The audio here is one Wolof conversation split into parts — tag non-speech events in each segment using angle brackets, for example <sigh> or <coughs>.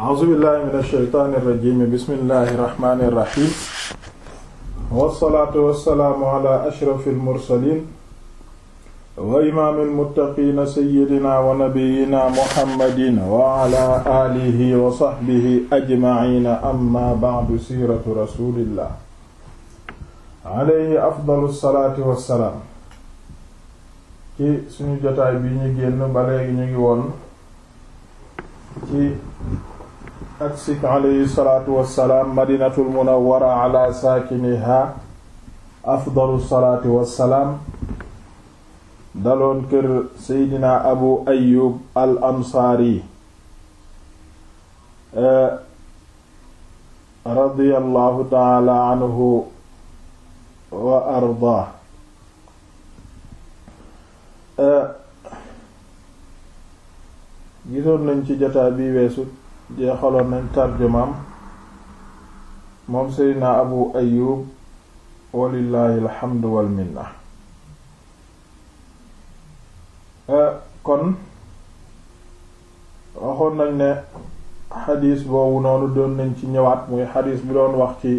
a'uuzu billahi min ashaytaani irrajim bismillahi irrahmani irrahim wassalaatu wassalaamu ala ashrafil mursaliin wa imaamil muttaqiina sayyidina wa nabiyyina muhammadin wa ala aalihi wa sahbihi ajmaciina amma ba'du siiratu rasuulillah alayhi afdalu salaati wassalaam ci suñu jotaay bi ñu génn ba léegi ñu ngi woon ci aksik alayhi salaatu wassalaam madinatul munawwara ala saakiniha afdalu salaati wassalaam daloon kër seydina abu ayub al ansaari eh, radiyallahu taala wa ardaa eh, nañ ci jeexaloon nañ tarjumaam moom seydina abu ayub walillahi alhamdu wal minna eh, kon waxoon nañ ne xadiis boobu noonu doon nañ ci ñëwaat muy xadiis bi doon wax ci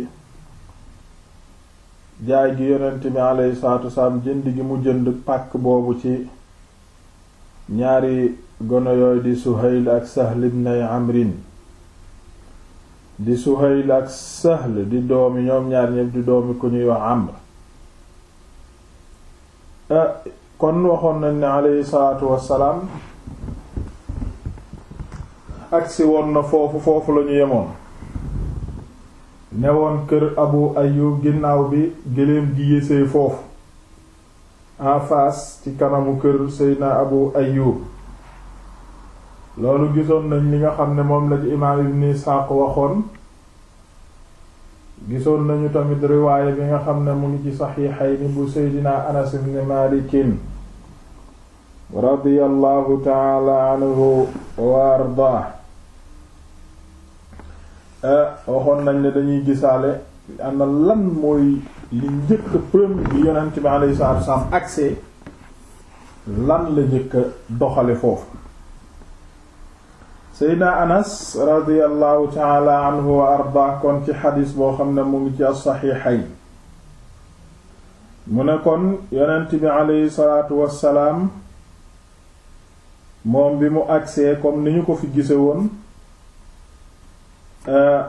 jaay gi yonent bi alayhi salaatu wasalaam jënd gi mu jënd pàkk boobu ci ñaari gono yooyu di Suhayl ak Sahl ibn Amrin di Suhayl ak Sahl di doomi ñoom ñaar ñépp di doomi ku ñuy wax Amr eh, kon waxoon nañ ne aleyhi salaatu wassalaam agsi woon na foofu foofu lañu yemoon newoon kër Abu Ayyub ginnaaw bi gëléem gi yéesee foofu en ci kanamu kër Seydina Abu Ayyub loolu gisoon nañ li nga xam ne moom la ci imaam Ibn Isxaaq waxoon gisoon nañu tamit riwaaya bi nga xam ne mu ngi ci saxiixayni bu Seydina Anas ibn Maalikin radiyallahu taala anhu wa ardaa eh, waxoon nañ ne dañuy gisaale ana lan mooy li njëkk premier bi yonent bi alayhi salaatu wasallam accès lan la njëkk a doxale foofu seydna anas radiallahu taala anhu wa arda kon ci xadis boo xam ne mu ngi ci as-saxiixayn mu ne kon yonent bi aleyhi salaatu wassalaam moom bi mu agsee comme ni ñu ko fi gise woon euh,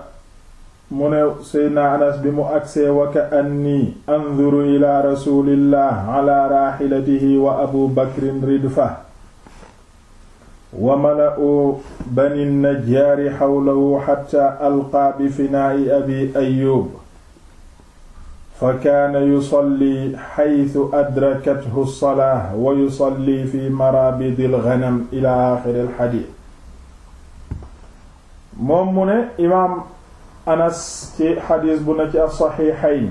mu ne seydna anas bi mu agsee wa ka anni anzuru ila rasulillah ala raxilatihi wa abu bakrin ridfa wa mala'u bani najjaari xawlahu xatta alqaa bi finaa'i abi ayub fa kaana yusalli xaytu adrakathu lsalaa wa yusalli fi maraabidi alganam ila axiri alxadiis moom mu ne imaam anas ci xadiis bu na ci as-saxiixayn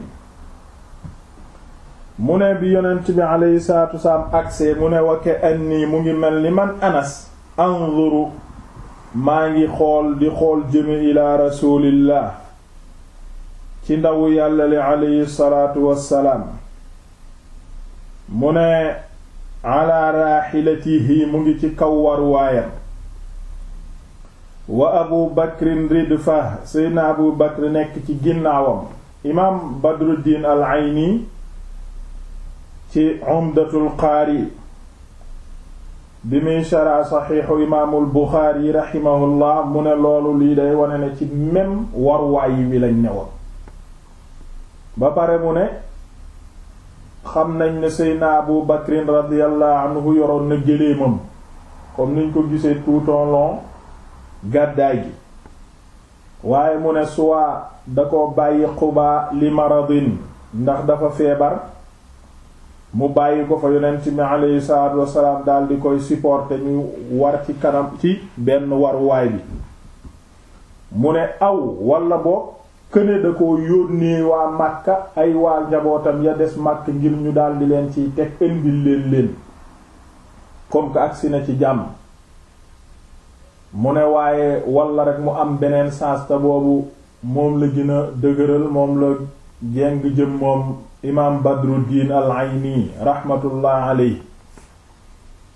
mu ne bi yonent bi aleyhi salaatu wasalaam mu ne wakke annii mu ngi mel ni man anas anzuru maa ngi xool di xool jëme ilaa rasulillah ci ndawu yàlla li aleyhi salaatu wasalaam mu ne ala raaxilatihi mu ngi ci kaw war waayam wa abu bakrin ridfa seydna abu bakr nekk ci ginnaawam imaam badruddin al ayni ci umdatul qaari bi muy sharaa saxiixu imaamul buxaari raximahullah mu ne loolu lii day wane ne ci même warwaay wi lañ ñëwoon ba pare mu ne xam nañ ne seydna abu bakrin radiallahu anhu yoroon na géléemam comme niñ ko gisee tout gàddaay gi waaye mu ne suwaa da ko bàyyi xubaa li maradin ndax dafa feebar mu bàyyi ko fa yonent mi aleyhi salaatu wasalaam daal di koy supporter ñu war ci kanam ci benn waruwaay bi mu ne aw walla boo këne da ko yónnee waa Makka ay waa njabootam ya des Makka ngir ñu daldi leen ciy teg indil leen leen comme que agsi na ci jàmm mu ne waaye walla rek mu am beneen sens boobu moom la gën dëgëral moom la jeng jëm moom imaam Badruddin al-Ayni rahmatullah alayhi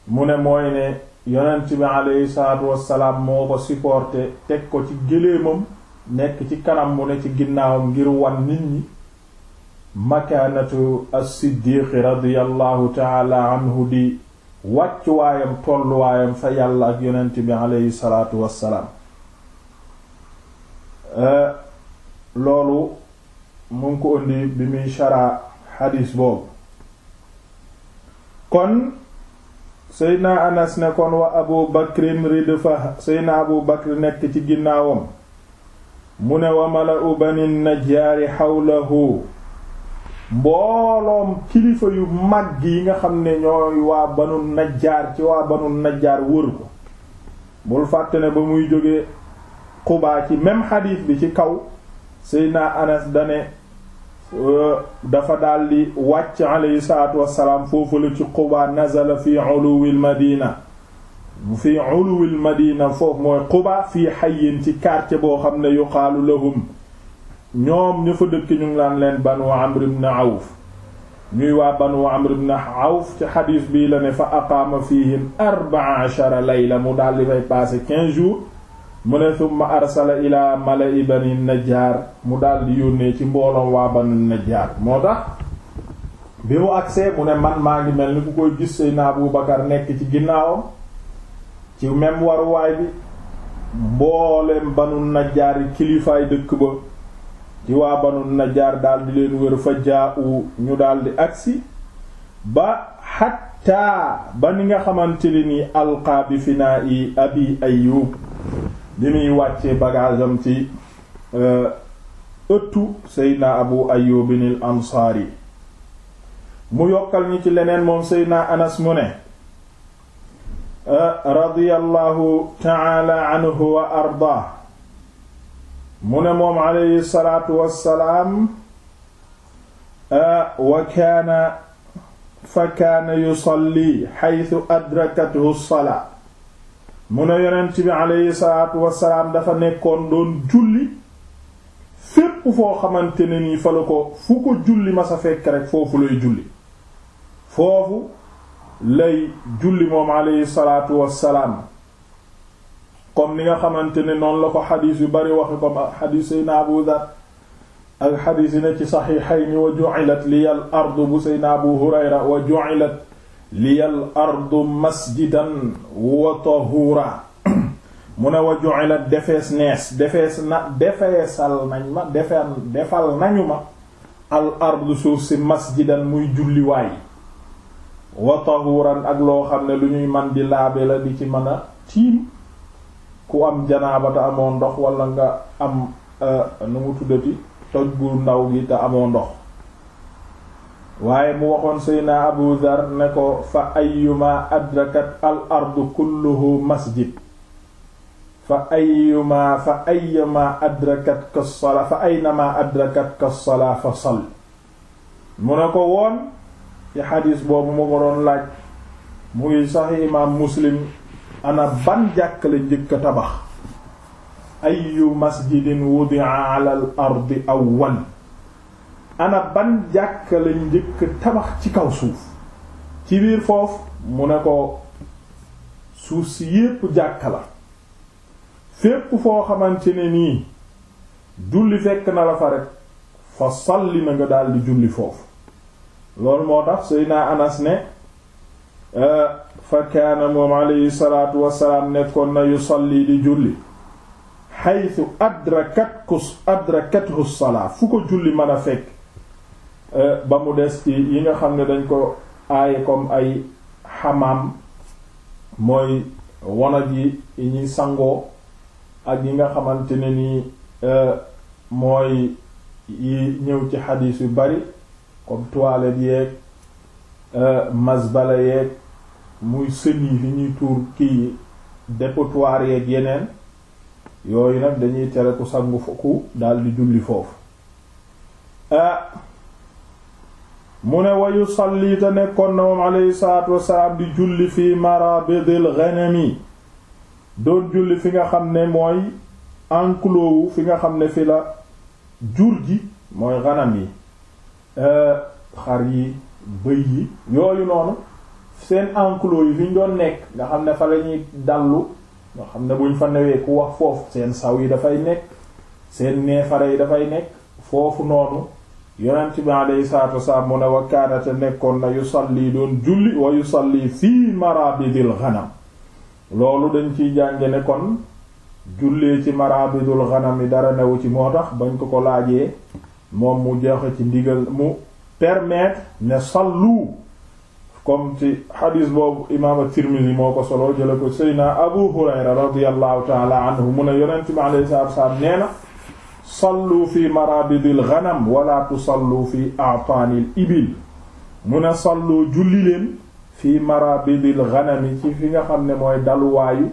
mu ne mooy ne yonent bi alayhi salaatu wassalaam moo ko supporté teg ko ci géléemam nekk ci kanam mu ne ci ginnaawam ngir wan nit ñi makaanatu as-Siddiq radiyallahu taala anhu di wàccuwaayam tolluwaayam fa yàlla ak yonent bi aleyhi salaatu wassalaam euh, loolu mu ngi ko bi muy sharaa xadiis boobu kon seydna anas ne kon wa abu bakrin ridfa seydna abu bakr nekk ci ginnaawam mu ne wa mala'u bani najjaari xawlahu mbooloom kilifa yu mag yi nga xam ne ñooy waa banu najjaar ci waa banu najjaar wër ko bul fàtte ne ba muy jógee xubaa ci même xadiis bi ci kaw seydna anas dane euh, dafa daldi wàcc aleyhi salaatu foofu la ci xubaa nazala fi uluwil madina foofu mooy xubaa fii xayin ci quartier boo xam ne yuqaalu lahum ñoom ña fa dëkk ñu ngi laan leen banu amr ibn awf ñuy waa banu amr ibn awf ci xadiis bii la ne fa aqaama fihim arbaa ashara layla mu daldi fay passé quinze jours mu ne thumma arsala ila mala'i bani najjaar mu daal yónnee ci mbooloom waa banu najjaar moo tax bi mu agsee mu ne man maa ngi mel ni ku koy gis Seydina Abu Bakar nekk ci ginnaawam ci même waruwaay bi mbooleem banu najjaar yi kilifaay dëkk ba di waa banu najjaar daal di leen wër fa jaa'u ñu daal di agsi ba xattaa ba ni nga xamante ni nii alqaa bi finaa i abi ayub di muy wàcce bagaasam ci euh, ëttu seydna abu ayubinil ansaari mu yokkal ñi ci leneen moom seydna anas mu ne euh, radiyallahu taala anhu wa ardaa mu ne moom aleyhi salaatu wassalaam wa kaana fa kaana yusalli xaytu adrakathu salaa mu ne yonent bi aleyhi salaatu wassalaam dafa nekkoon doon julli fépp foo xamante ne nii fa la ko fu ko julli ma sa fekk rek foofu lay julli foofu lay julli moom aleyhi salaatu wassalaam comme ni nga xamante ne noonu la ko xadis yu bari waxe comme xadis sayna Abu Dhar ak xadis yi ne ci saxiixayni wa ju'ilat liya al ardu bu sayna Abu Hurayra wa ju'ilat liya al ardu masjidan wa tahura <clears throat> mu ne wa ju'ilat defees nees defees na defeesal nañ ma defal nañu ma al ardu suuf si masjidan muy julliwaay wa tahuran ak loo xam ne lu ñuy man di laabe la di ci mën a tiim ku am janaaba te amoo ndox walla nga am euh, nu mu tuddati toj gu ndaw gi te amoo ndox waaye mu waxoon seyna abu dhar ne ko fa ayyuma adrakat al ardu kulluhu masjid fa ayyuma fa ayyuma adrakat ka salaa salaa fa sal mu ne ko woon ci xadiis boobu mu ko doon laaj muy sax imaam muslim ana ban jàkk la njëkk tabax ayu masjidin wudi'a ala al ardi awwal ana ban jàkk la njëkk tabax ci kaw suuf ci biir foofu mu ne ko suuf si yépp jàkk la fépp foo xamante ne nii julli fekk na la fa rek fa salli na nga daldi julli foofu loolu moo tax Seydina Anas ne euh, fa kaana moom alayhi salaatu wasalaam nekkoon na yusalli di julli xaytu adrakatku adrakathu salaa fu ko julli mën a fekk eh, ba mu des ci yi nga xam ne dañ ko aaye comme ay xamaam mooy wanag yi yi ñuy sangoo ak yi nga xamante ne ni eh, mooy yi ñëw ci xadiis yu bari comme toilette yeeg eh, masbala yeeg muy sëli fi ñuy tuur kii dépotoir yeeg yeneen yooyu nag dañuy tere sangu ku daldi julli foofu ah mu ne wayu sallita nekkoon na moom alayhi salaatu wasalaam di julli fi marabidil yi doon julli fi nga xam ne mooy enclos wu fi nga xam ne fi la jur ji mooy ghanam yi eh, xar yi bëy yi yooyu noonu seen enclos yi fi ñu doon nekk nga xam ne fa la ñuy dallu nga xam ne buñ fa newee ku wax foofu seen saw yi dafay nekk seen neefare yi dafay nekk foofu noonu yonent bi alayhi salaatu wasalaam mu ne wa kaanate nekkoon na yu yusalli doon julli wa yusalli fii marabidil ghanam loolu dañ ciy jànge nekkoon kon jullee ci marabidul ghanam yi dara newu ci moo tax bañ ko ko laajee moom mu joxe ci ndigal mu permettre ne sallu comme ci xadis boobu imaam at-Tirmidhi moo ko solo jële ko Seydina Abu Hurayra radiyallahu ta'ala anhu mu a yonent bi alayhi salaatu wassalaam nee na sallu fi marabidil ghanam wala tusallu fi a'tanil ibil mu ne sallu julli leen fi marabidil ghanami ci fi nga xam ne mooy daluwaayu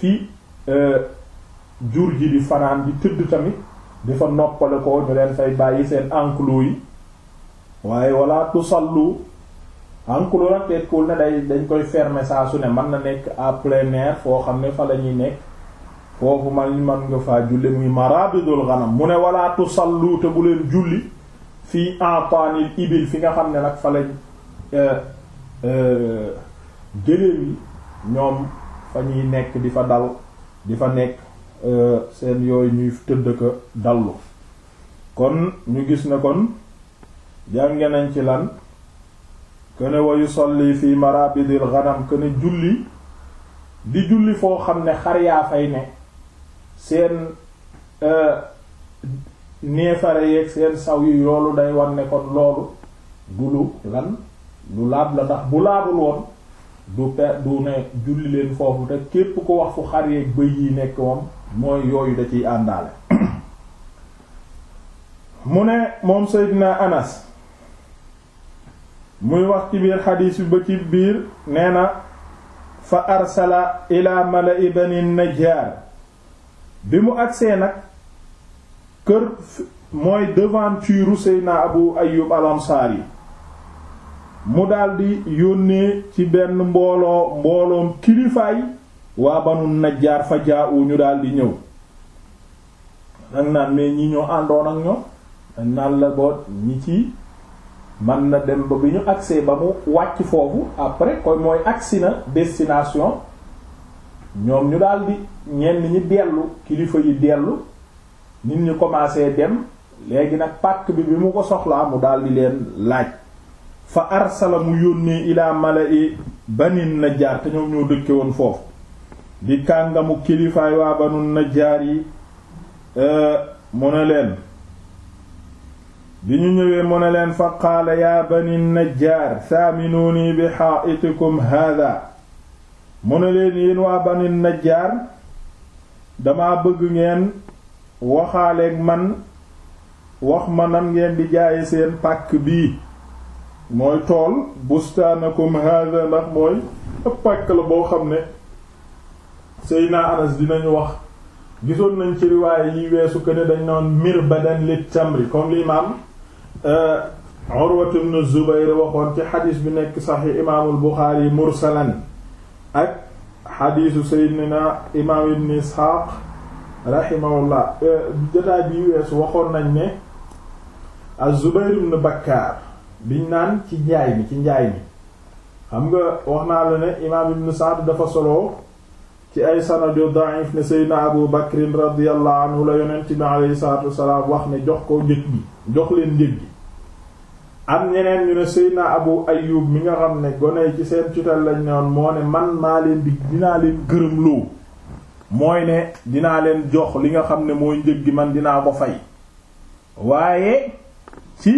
fi euh, jur ji di fanaan di tëdd tamit di fa noppale ko ñu leen fay bàyyi seen enclos yi waaye wala tusallu enclos nag tekkul ne day dañ koy fermer saa su ne mën na nekk à plein foo xam ne fa la ñuy nekk foofu man man nga faa julli muy marabidul ghanam mu ne wala tusallu te bu leen julli fii antanil ibil fi nga xam ne nag fa lañ euh, euh, gëléem yi ñoom fa ñuy nekk di fa dal di fa nekk euh, seen yooyu ñuy tëdd ko dallu kon ñu gis ne kon jànge nañ ci lan këne wa yusalli fi marabidil ghanam këne julli di julli foo xam ne xar yaa fay ne seen e, neefare yeeg seen saw yi loolu day war ne kon loolu du lu lan lu laab la ndax bu laabul woon du per du ne julli leen foofu te képp ko wax fu xar yeeg bëy yi nekk moom mooy yooyu da ciy àndaale <coughs> mu ne moom Seydina Anas muy wax ci biir xadiis bi ba biir nee na fa arsala ila mala'i bani najjaar bi mu agsee nag kër mooy devanture Seydina Abu Ayyub al-Ansari mu daldi yónnee ci benn mbooloo mbooloom kilifaay waa banu najjaar fa jaawu ñu daldi ñëw nag naan mais ñi ñoo àndoon ak ñoom naan la boot ñi ci man na dem ba bi ñu agsee ba mu wàcc foofu après koy mooy agsi na destination ñoom ñu daldi ñenn ñi dellu kilifa yi dellu nit ñi commencé dem léegi nag pàkk bi bi mu ko soxlaa mu daldi leen laaj fa arsala mu yónnee ilaa mala'i banin najjaar te ñoom ñoo dëkke woon foofu di kàngamu kilifaay waa na jaar yi euh, mu ne leen bi ñu ñëwee mu ne leen fa qaala yaa bani najjaar saaminuunii bi xaa'itikum haada mu ne leen yéen waa bani najjaar dama bëgg ngeen waxaaleeg man wax ma nan ngeen di jaaye seen pàkk bii mooy tool bustaanakum haada ndax mooy pàkk la boo xam ne Seydina Anas dinañu wax gisoon nañ ci riwaaye yi weesu ko ne dañ noon mirbadan lit tamri comme l'imam Euh, Urwat ibn Zubayr bi nekk saxi imaamul Buxaari mursalan ak xadisu Seydina imaam ibn Isxaaq rahimahullah euh, jotaay bii weesu waxoon nañ ne az-Zubayr ibn Bakkaar biñ naan ci njaay mi ci njaay mi xam nga wax naa la ne imaam ibn Sa'd dafa solo ci ay sanad yu da'if ne seydna abu bakrin radiyallahu anhu la yonent bi alayhi salaatu wasalaam wax ne jox ko njëg gi jox leen njëg gi am ñeneen ñu ne seydna abu ayub mi nga xam ne gone ci seen tutelle lañ ne woon moo ne man maa leen di dinaa leen gërëm loo mooy ne dinaa leen jox li nga xam ne mooy njëg gi man dinaa ko fay waaye si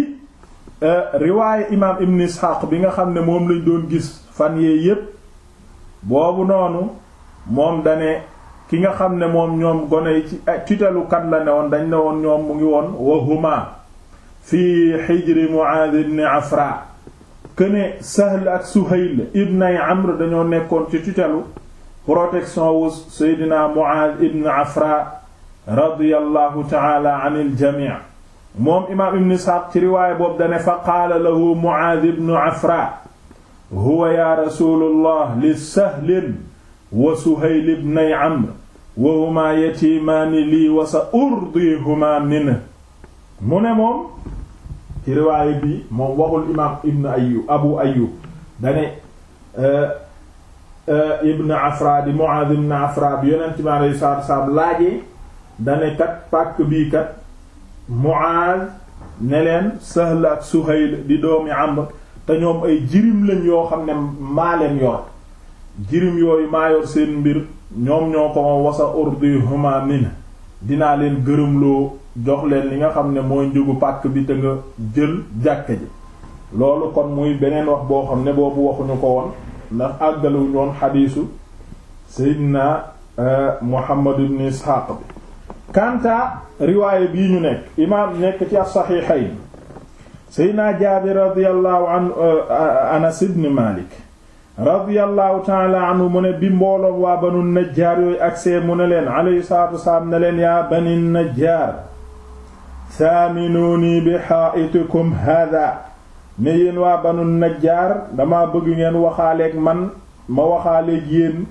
euh, riwaaye imaam ibn ishaq bi nga xam ne moom lañ doon gis fan yee yépp boobu noonu moom dane ki nga xam ne moom ñoom gone yi ci eh, titalukat la ne woon dañ ne woon ñoom mu ngi woon wahuma fi xijri Muaaz ibn Afra këne Sahl ak Suhayl ibnay Amr dañoo nekkoon ci titalu protection wu Seydina Muaaz ibn Afra radiyallahu taala an iljami moom imaam ibn Isxaaq ci riwaaya boobu dane fa qaala lahu Muaaz ibn Afra huwa ya rasulullah li sahlin wa Suhayl ibn Amr wa yatimaani lii wa sa urdihuma min mu ne moom ci riwaaya bi moom waxul imaam ibn Ayyub Abu Ayyub dane eh, eh, ibn Afra Muaaz ibn Afra bi yonent bi alayhi salaatu salaam dane kat pàkk bii kat Muaaz ne leen Sahl ak Suhayl di doomi Amr te ñoom ay jirim lañ yoo xam ne maa leen yor jirim yooyu maayoor seen mbir ñoom ñoo ko ma wasa urdi huma min dinaa leen gërëmloo jox leen li nga xam ne mooy njëgu pàkk bi te nga jël jàkka ji loolu kon muy beneen wax boo xam ne boobu waxuñu ko woon ndax àggalewu ñoon xadiisu seydina euh, muhammad ibn isxaaq bi kanta riwaaye bii ñu nekk imaam nekk ci as-saxiixayn seydina jaabir radiyallahu an euh, anas ibn radiyallahu taala anhu mu ne bi mbooloom waa banu najjaar yooyu agsee mu ne leen alayhi salaatu wasalaam ne leen yaa bani najjaar saaminuuni bi xaa'itikum hada ne yéen waa banu najjaar dama bëgg ngeen waxaaleeg man ma waxaaleeg yéen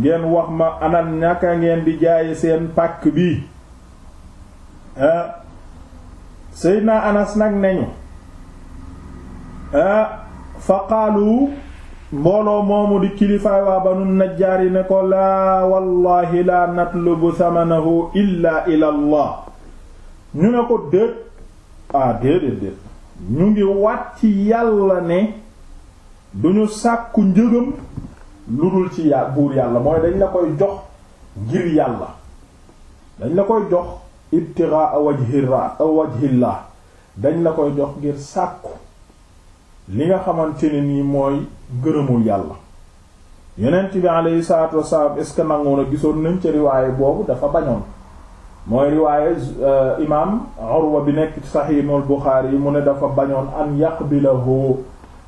ngeen wax ma anan ñaka ngeen di jaaye seen pàkk bi seydna anas nag nañu fa qaalu mbooloo moomu di kilifaay waa banu najjaar yi ne ko laa wallaahi laa natlubu samanahu illaa ila ñu ne ko déet ah déedéet déet ñu ngi wàcc yàlla ne duñu sàkku njëgam lu dul ci ya buur yàlla mooy dañ la koy jox ngir yàlla dañ la koy jox ibtiraa wajhi ra dañ la koy jox ngir sàkku li nga xamante ne nii mooy gërëmul yàlla yeneen bi alayhi salaatu wasalaam est ce nangu na gisoon nañ ca riwaaye boobu dafa bañoon mooy riwaaye euh, imaam Urwa bi nekk ci saxiixul Buxaari yi mu ne dafa bañoon an yaqbilahu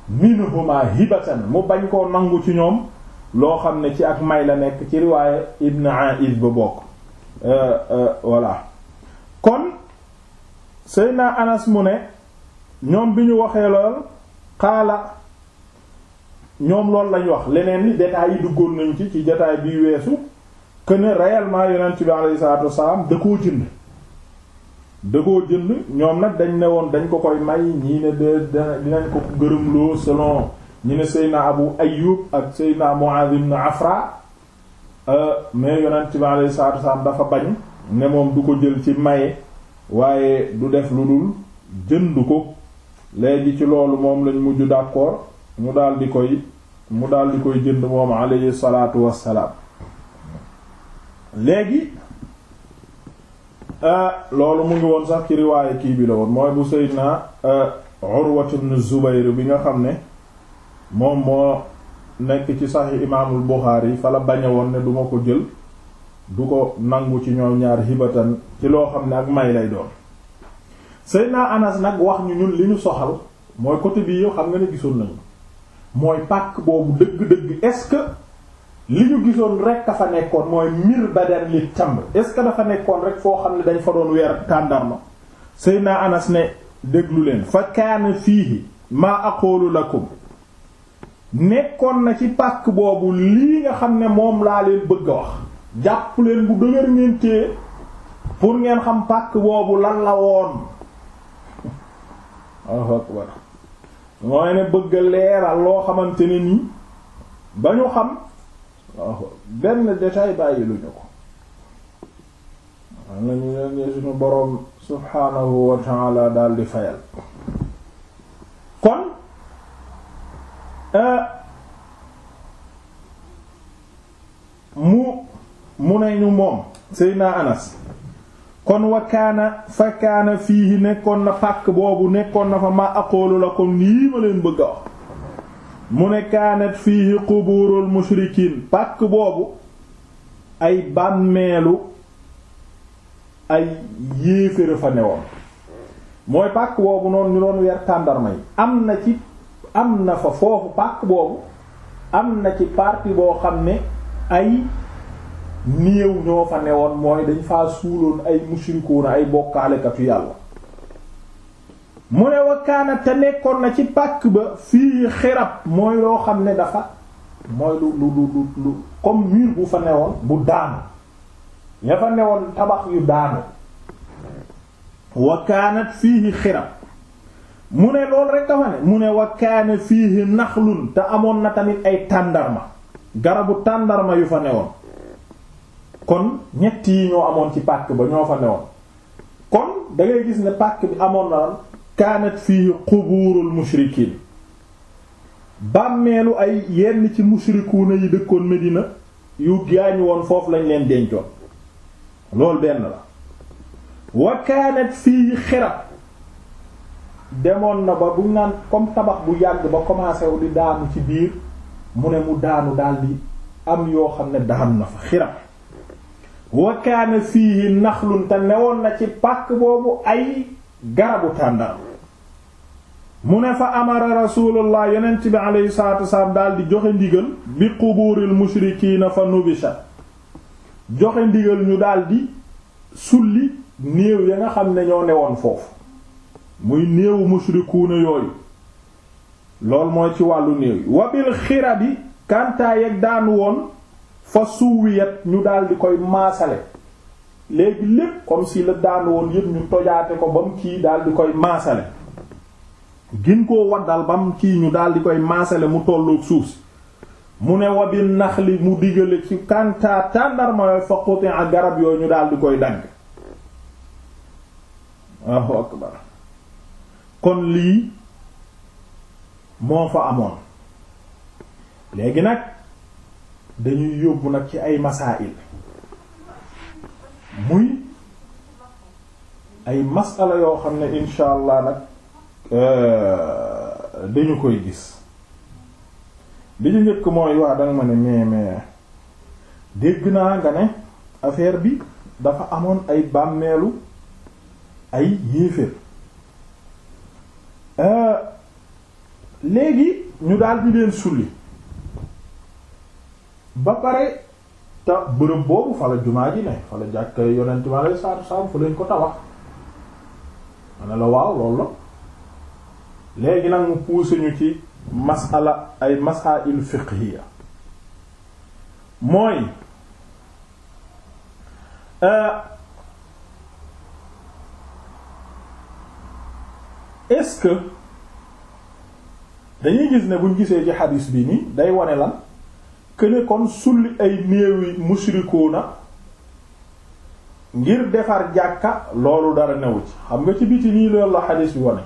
minhuma hibatan mu bañ koo nangu ci ñoom loo xam ne ci ak may la nekk ci riwaaye Ibn Aid ba bokk euh, euh, voilà kon Seyna Anas mu ne ñoom bi ñu waxee lool xaala ñoom loolu lañ wax leneen ni détails yi duggoon nañ ci ci jataay bi weesu que ne réellement yonent bi alayhi salaatu wasalaam da koo jënd ñoom nag dañ ne woon dañ ko koy may ñii ne de dinañ ko gërëmloo selon ñi ne Seydina Abu Ayyub ak Seydina Muaz na Afra euh, mais yonent bi alayhi salaatu wasalaam dafa bañ ne moom du ko jël ci maye waaye du def lu dul jënd ko léegi ci loolu moom lañ mujj d'accord mu daldi koy mu daal koy jënd moom alayhi salaatu wassalaam léegi euh, loolu mu ngi woon sax ci riwaaye kii bi la woon mooy bu Seydina euh, Urwatu ibn Zubayr bi nga xam ne moom moo nekk ci saxi imaamul Buxaari fa la bañe woon ne duma ko jël du ko nangu ci ñoom ñaar hibatan ci loo xam ne ak may lay doon Seydina Anas nag wax ñu ñun li ñu soxal mooy côté bii yow xam nga ne gisoon nañu mooy pàkk boobu dëgg-dëgg est-ce que li ñu gisoon rek a fa nekkoon mooy mir badan li tamb est-ce que dafa nekkoon rek foo xam ne dañ fa doon weer tàndarma naa Anas ne déglu leen fa kaana fiihi maa aqulu lakum nekkoon na ci pàkk boobu lii nga xam ne moom laa leen bëgg a wax jàpp leen bu dëgër ngeen pour ngeen xam pàkk boobu lan la woon akbar mooy ne bëgg leeral loo xamante ne nii ba ñu xam waaw benn détail bàyyi lu ñu ko am na ñu leen suñu boroom subhaanahu wa ta'ala di fayal kon euh, mu mu ne ñu moom Seydina Anas kon wa kaana fa kaana fiihi nekkoon na pàkk boobu nekkoon na fa ma aqoolu lakum lii ma leen bëgg a wax mu ne kaanat fiihi qubuurul mushrikiin pàkk boobu ay bàmmeelu ay yéeféra fa newoon mooy pàkk boobu noonu ñu doon weer tàndarma yi am na ci am na fa foofu pàkk boobu am na ci partie boo xam ne ay néew ñoo fa newoon mooy dañ faa suuloon ay mushrikuuna ay bokkaalekatu yàlla mu ne wa te nekkoon na ci pàkk ba fii xirab mooy loo xam ne dafa mooy lu lu lu lu comme mur bu fa newoon bu daanu ña fa newoon tabax yu daanu wa kaanat fiihi xirab mu ne loolu rek dafa ne mu ne wa kaana fiihi naxlun te amoon na tamit ay tàndarma garabu tàndarma yu fa newoon kon ñetti yi ñoo amoon ci pàkk ba ñoo fa newoon kon da gis ne pàkk bi amoon na lan kaanat fii quburul mushrikiin bàmmeelu ay yenn ci mushrikuuna yi dëkkoon Medina yu gaañu woon foofu lañ leen dencoon loolu benn la wa kaanat fii xirab demoon na ba bu naan comme tabax bu yàgg ba commencé wu di daanu ci biir mu ne mu daanu daal di am yoo xam ne daan na fa xirab wa kaana fiihi naxlun te newoon na ci pàkk boobu ay garabu tàndar mu ne fa amara rasulullah yonent bi aleyhi salatu wasalaam daldi di joxe ndigal bi qubuuril mushrikiina fa nubisha joxe ndigal ñu daal di sulli néew ya nga xam ne ñoo newoon foofu muy néewu mushrikuuna yooyu loolu mooy ci wàllu néew yi wabil xira bi kantaa daan woon fa suwiyat ñu daal di koy maasale léegi lépp comme si la daan woon yëpp ñu tojaate ko ba mu kii daal koy maasale gin koo waddal ba mu kii ñu daal koy maasale mu tolloog suuf si mu ne wabi nax li mu digale ci kanta tàndarma fa xuti ak garab yooyu ñu daal koy dagg kon lii moo fa amoon léegi nag dañuy yóbbu nag ci ay masaa'il muy ay masala yoo xam ne insha allah nag euh, dañu koy gis bi ñu njëkk mooy waa danga ma ne mais mais dégg naa nga ne affaire bi dafa amoon ay bàmmeelu ay yéeféer euh, léegi ñu daal di leen sulli ba pare te bërëb boobu fa la jumaa ji ne fa la jàkka yonent ma lay saatu saam fa lañ ko tabax ma ne la waaw loolu la léegi nag mu poussé ñu ci masala ay masail fiqhiya mooy euh, est-ce dañuy gis ne buñ gisee ci xadiis bi nii day wone la këne kon sulli ay néewi na ngir defar jàkka loolu dara newu ci xam nga ci biti nii loolu la xadiis bi wane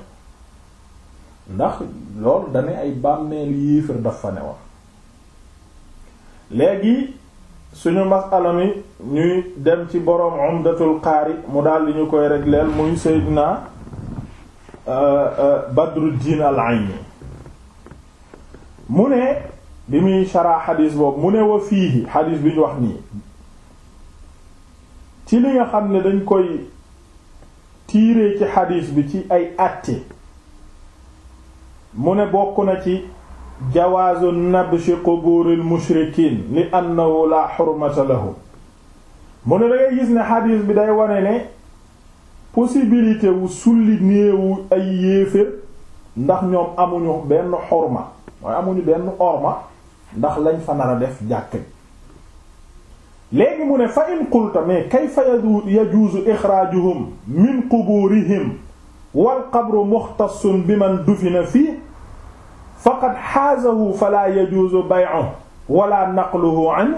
ndax loolu dane ay bàmmeelu yéefar dafa ne wax léegi suñu masala mi ñuy dem ci boroom umdatul qaari mu daal li ñu koy regleel muy seydina euh, euh, badruddin al ayni mu ne bi muy sharaa xadis boobu mu ne wa fiihi xadis bi ñu wax nii ci li nga xam ne dañ koy tiiree ci xadis bi ci ay àtte mu ne bokk na ci jawaazu nabshi quburil mushrikiin li annahu la xurmata lahu mu ne da gis ne xadis bi day wane ne possibilité wu sulli néewu ay yéefér ndax ñoom amuñu benn xorma mooy amuñu benn xorma ndax lañ fa nar a def jàkk léegi mu ne fa in qulta mais kayfa yajuuzu ixraajuhum min qubuurihim wal qabru muxtassun bi man dufina fii faqad xaazahu fala yajuuzu bay'uhu wala naqluhu anhu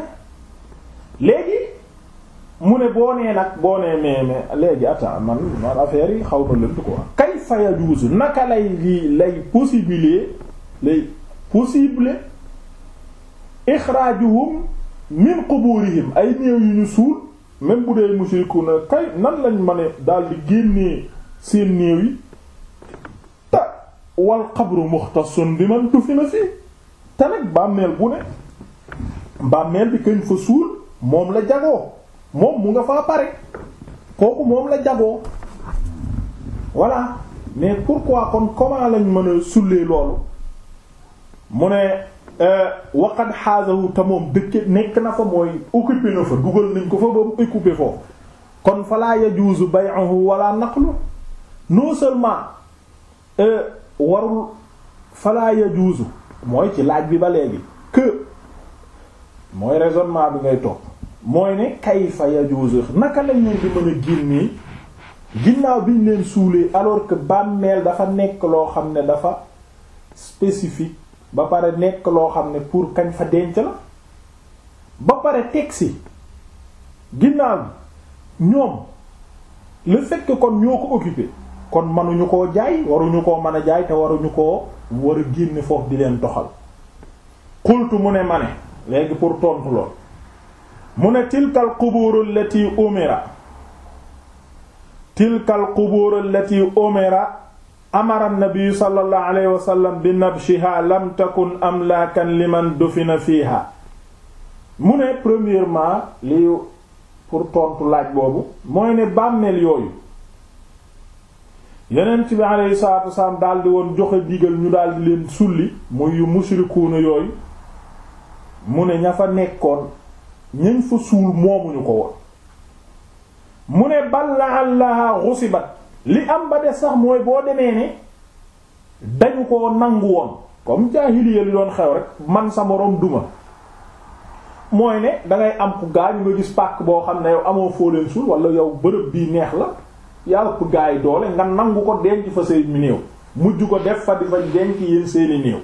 léegi mu ne boo nee nag boo nee mais mais léegi attends man man affaire yi xaw ma lënt quoi kayfa yajuuzu naka lay lii lay possible lay possible ixraajuhum min qubuurihim ay néew yu ñu suul même bu dee mushrikuuna kay nan lañ ma a daldi génnee seen néew yi te wal qabru muxtasun bi man dufina fii te nag bàmmeel bu ne bàmmeel bi kañ fa suul moom la jagoo moom mu nga faa pare kooku moom la jagoo voilà mais pourquoi comment lañ mën a sullee loolu mu ne Euh, waqad xaasawu te moom nekk na fa mooy occupé na fa dugal nañ ko fa ba mu foofu kon falaa yajuuzu bay'uhu wala naqlu non seulement euh, warul falaa yajuuzu mooy ci laaj bi ba léegi que mooy raisonnement bi ngay topp mooy ne kayfa yajuuzu naka lañ leen di mën a génnee ginnaaw biñ leen suulee alors que bàmmeel dafa nekk loo xam ne dafa spécifique ba pare nekk loo xam ne pour kañ fa denc la ba pare tegsi si ginnaaw ñoom lu fekk kon ñoo ko occupé kon mënuñu ko jaay waruñu koo mën a jaay te waruñu koo war a génne foofu di leen toxal xultu mu ne ma ne léegi pour tontu lool mu ne tilkal qubur allati umira tilkal qubur allati umira amara nabiyu sallallahu alayhi wa sallam bi nabshiha lam takun amlaakan liman dufina fiiha mu ne premièrement li pour tontu laaj boobu mooy ne bàmmeel yooyu yonent bi aleyhi salaatu wasalaam daldi woon joxe digal ñu daldi leen sulli muy yu musrikuuna yooyu mu ne ña fa nekkoon ñañ fa suul moomuñu ko woon mu ne bal la'allaha ghusibat li am ba des sax mooy boo demee ne dañu ko nangu woon comme jaahiliya li doon xew rek man sa moroom duma mooy ne dangay am ku gaañu nga gis pàkk boo xam ne yow amoo foo suul wala yow bërëb bii neex la yàlla ku gaay doole nga nangu ko denc fa seen néew mujj ko def fa di fa denc yéen néew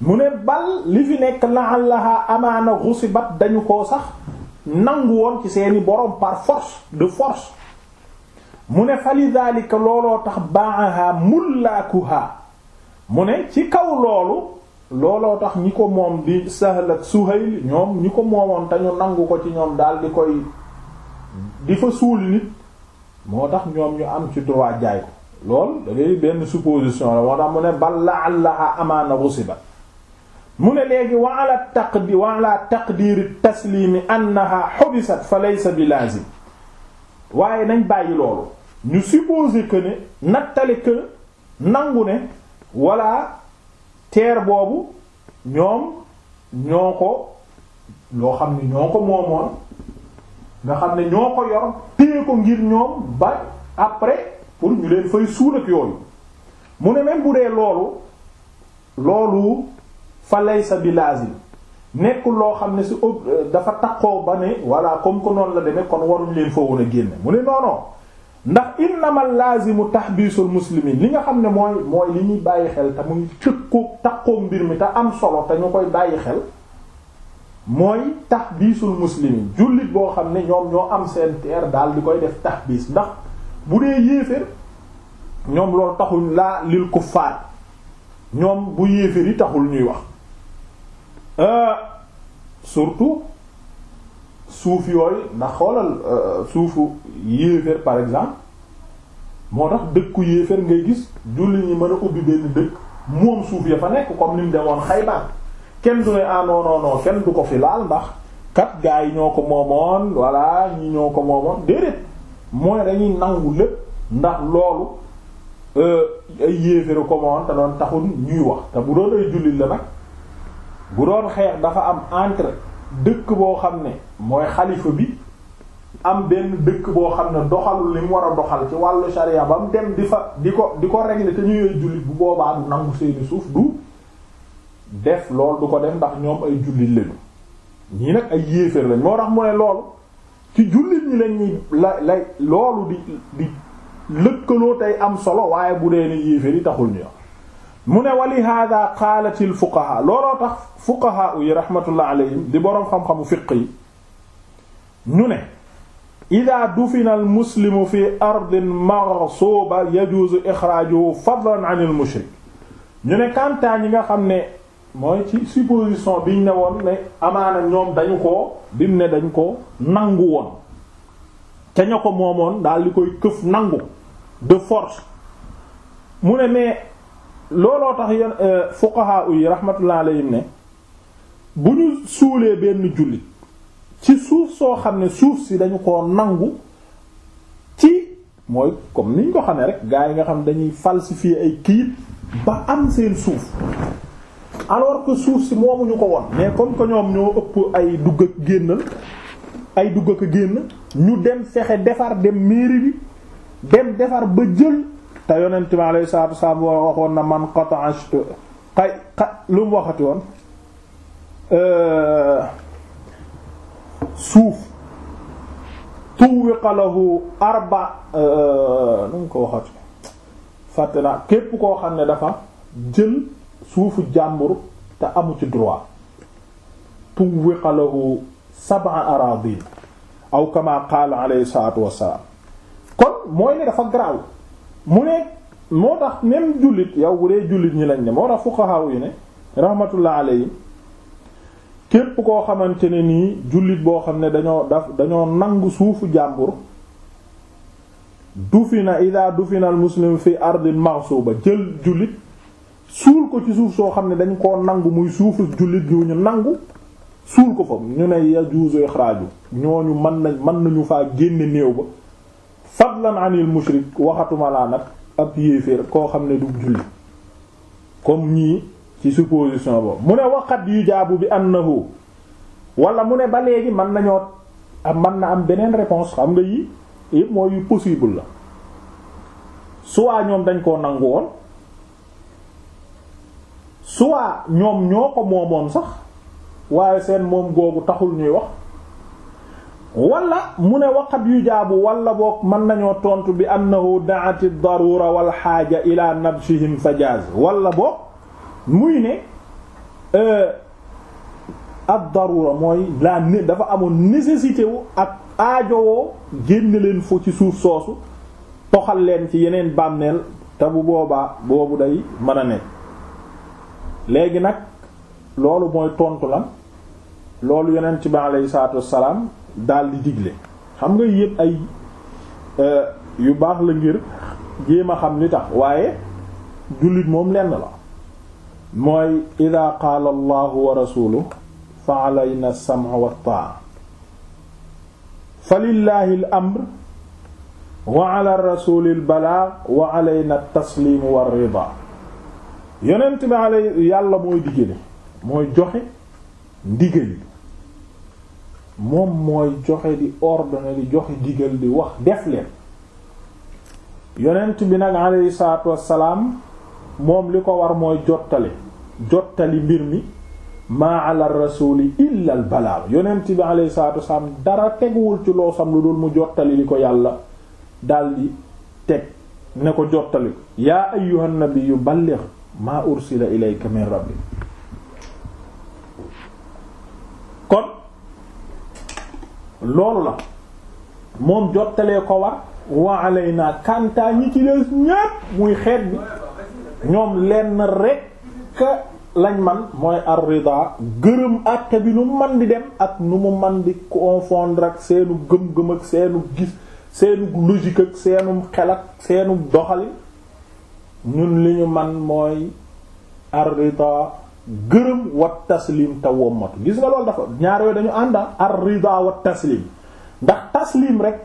mu ne bal li fi nekk la'allaha amaana xusibat dañu koo sax nangu woon ci seeni borom par force de force mu ne fali daalika looloo tax baaha mullaakuha mu ne ci kaw loolu looloo tax ñi ko moom di Sahl ak Suhayl ñoom ñi ko moomoon te ñu nangu ko ci ñoom daal di koy di fa suul nit moo tax ñoom ñu am ci droit jaay ko lool da ngay benn supposition la moo tax mu ne bal laallaha amaana rusiba mu ne léegi wa ala taqdi wa ala taqdiri taslimi annaha xobisat fa laysa bi lazim waaye nañ bàyyi loolu ñu supposer que ne nattale que nangu ne walla terre boobu ñoom ñoo ko loo xam ne ñoo ko moomoon nga xam ne ñoo ko yor téye ko ngir ñoom ba après pour ñu leen fay suul ak yooyu mu ne même bu dee loolu loolu fa laysa bi lazim nekkul loo xam ne si dafa taqoo ba ne voilà comme que noonu la demee kon waruñ leen foo woon a génne mu ne non ndax innamal laazimu tahbisul muslimin li nga xam ne mooy mooy li ñuy bàyyi xel te mu ngi tëkkoo takkoo mbir mi te am solo te ñu koy bàyyi xel mooy tahbisul muslimin jullit boo xam ne ñoom ñoo am seen teer daal di koy def tahbis ndax bu dee yéeféer ñoom loolu taxul laa lil kuffaar ñoom bu yéeféer yi taxul ñuy wax euh, surtout suuf yooyu ndax xoolal euh, suufu yéeféer par exemple moo tax dëkku yéeféer ngay gis julli ñi mën a ubbi benn dëkk moom suuf ya fa nekk comme ni mu demoon Xaybar kenn du ne ah kenn du ko fi laal ndax kat gaa yi ñoo ko moomoon voilà ñi ñoo ko moomoon déedéet mooy dañuy nangu lépp ndax loolu euh, ay yéeféeru ko moomoon te doon taxul ñuy wax te bu doon ay jullit la nag bu doon xeex dafa am entre dëkk boo xam ne mooy xalifa bi am benn dëkk boo xam ne doxalul li mu war a doxal ci wàllu sharia ba mu dem di fa di ko di ko regle te ñuy jullit bu boobaa du nangu seeni suuf du def lool du ko def ndax ñoom ay jullit lañu ñii nag ay yéeféer lañ moo tax mu ne loolu ci jullit ñi lañ la lay loolu di di lëkkaloo tey am solo waaye bu dee ne yéeféer yi taxul ñu mu ne wali hada qaalatil fuqaha looloo tax fuqaha yi rahmatullah alayhim di boroom xam-xamu fiq yi ñu ne ida dufina al muslimu fi ardin maghsuba yajuzu ixraajuhu fadlan an al mushrik ñu ne kantaa ñi nga xam ne mooy ci supposition biñ ne woon ne amaana ñoom dañu ko bimu ne dañ ko nangu woon ca ña ko moomoon daal di koy këf nangu de force mu ne mais looloo tax yenn euh, fuqaha yi rahmatullah alayhim ne bu ñu suulee benn jullit ci suuf soo xam ne suuf si dañu ko nangu ci mooy comme niñ ko xamee rek gaa yi nga xam dañuy falsifier ay kayit ba am seen suuf alors que suuf si moomuñu ko woon mais comme ko ñoom ñoo ëpp ay dugg ak génnal ay dugg ak génn ñu dem fexe defar dem mairie bi dem defar ba jël te yonent bi alayhi salaatu wasalaam waxoon na man qata'a xay lu mu waxati woon euh, suuf tuwiqa lahu arba euh, nu mu ko waxati fàtte naa képp koo xam ne dafa jël suufu jàmbur te amu ci droit tuwiqa lahu sab'a aradin aw kama qaala alayhi salaatu wasalaam kon mooy ne dafa garaaw mu ne moo tax même jullit yow bu dee jullit ñi lañ ne moo tax fuqaha yi ne rahmatullah alayhi képp koo xamante ne nii jullit boo xam ne dañoo daf dañoo nangu suufu jàmbur dufina ida dufina al muslim fi ardin mahsuba jël jullit suul ko ci suuf soo xam ne dañ koo nangu muy suufu jullit yu ñu nangu suul ko fa ñu ne yajuzu ixraaju ñooñu mën nañ mën nañu faa génne néew ba fadlan anil mushrik waxatuma laa nag ak yéeféer koo xam ne du julli comme ñii ci supposition boobu mu ne waqat yu jaabu bi am na annahu wala mu ne ba léegi mën nañoo man na am beneen réponse xam nga yi yëpp mooy yu possible la soit ñoom dañ koo nangu woon soit ñoom ñoo ko moomoon sax waaye seen moom googu taxul ñuy wax walla mu ne waqat yu jaabu walla boog mën nañoo tontu bi annahu da'at ad-darura wal xaaja ila nabshihim fa jaaz wala boog muy ne euh, ad-darura mooy la ne dafa amoon nécessité wu ak aajowoo génn leen fo ci suuf soosu toxal leen ci yeneen bànneel te bu boobaa boobu day mën a nekk léegi nag loolu mooy tontu lan loolu yeneen ci ba alayhi salaatu wassalaam daal di digle xam nga yëpp ay euh, yu baax la ngir jéem a xam li tax waaye jullit moom lenn la mooy ida qaala allahu wa rasuluhu fa alayna as-sam'u taa fa lillahi al wa ala rasuli al-balagh wa alayna at-taslim war yonent bi alay yàlla mooy diggale mooy joxe ndigal moom mooy joxe di ordonner di joxe digal di wax def leen yonent bi nag alayhi salaatu wassalaam moom li ko war mooy jottali jottali mbir mi maa ala rasuli illa al yonent bi alayhi wassalaam dara teguwul ci loo sam lu dul mu jottali li ko yàlla daldi teg ne ko jottali ko yaa ayyuhan nabiyyu balligh maa ursila ilayka min rabbik kon loolu la moom jottalee ko war wa alayna kantaa ñi ci lees ñépp muy xeet bi ñoom lenn rekk lañ man mooy ar gërëm àtte bi nu man di dem ak nu mu man di confondre ak seenu gëm-gëm ak seenu gis seenu logique ak seenu xel ak seenu doxali ñun li ñu man mooy ar gërëm wat taslim te wommatu gis nga loolu dafa ñaar yooyu dañu ànda ar rida wat taslim ndax taslim rek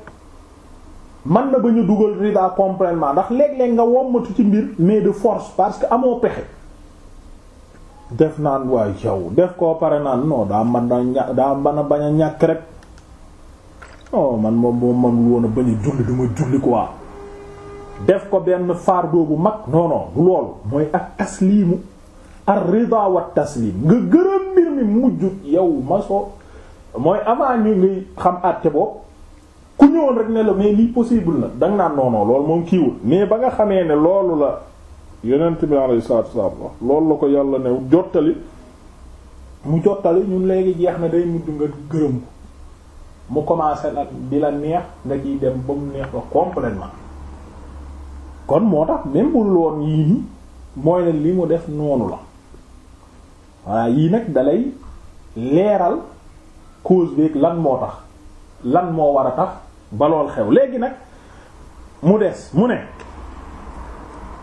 mën na ba dugal rida complètement ndax léeg-léeg nga wommatu ci mbir mais de force parce que amoo pexe def naan waaye yow def koo pare naan non daa man na daa mën a bañ a ñàkk rek oh man moom moom man woon a bañ a julli du ma def ko benn fardeau bu mag non du loolu mooy ak taslimu ar rida wa taslim nga gërëm mbir mi mujj yow ma so mooy avant ñu ngi xam àtte boobu ku ñëwoon rek ne la mais lii possible na danga naan noonoo loolu moom kiiwul mais ba nga xamee ne loolu la yonent bi alayhi salaatu wa salaam loolu la ko yàlla ne jottali mu jottali ñun léegi jeex na day mujj nga gërëm ko mu commencé nag di la neex nga ciy dem ba mu neex ko complètement kon moo tax même bu woon yii nii mooy ne li mu def noonu la voilà yii nag dalay leeral cause beeg lan moo tax lan moo war a tax balool xew léegi nag mu des mu ne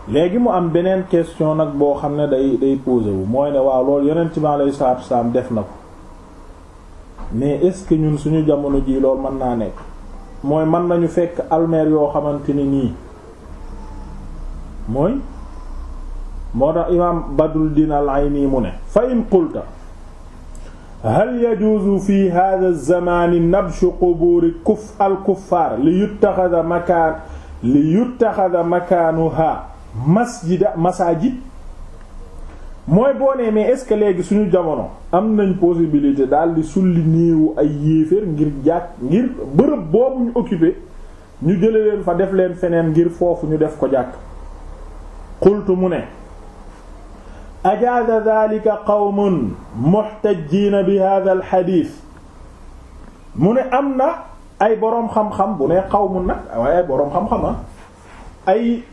léegi mu am beneen question nag boo xam ne day day posé wu mooy ne waaw loolu yonent bi alayhi salaatu wasalaam def na ko mais est-ce que ñun suñu jamono jii loolu mën naa nekk mooy mën nañu fekk almeer yoo xamante ni nii mooy moo tax imaam badrul din al ayni mu ne fa in qulta hal yajuuzu fi hadha az-zamani nabshu kuf al kuffar li yuttaxada makaan li yuttaxada makaanuha masjida masajid mooy boo nee mais est-ce que léegi suñu jamono am nañ possibilité daal di sulli néewu ay yéeféer ngir jàkk ngir bërëb boobu ñu occupé ñu jële leen fa def leen feneen ngir foofu ñu def ko jàkk xultu mu ne ajaaza daalika qawmun muxtajjiina bi haaza alxadiis mu ne am na ay boroom xam-xam bu ne qawmun nag waaye ay boroom xam-xam ah. ay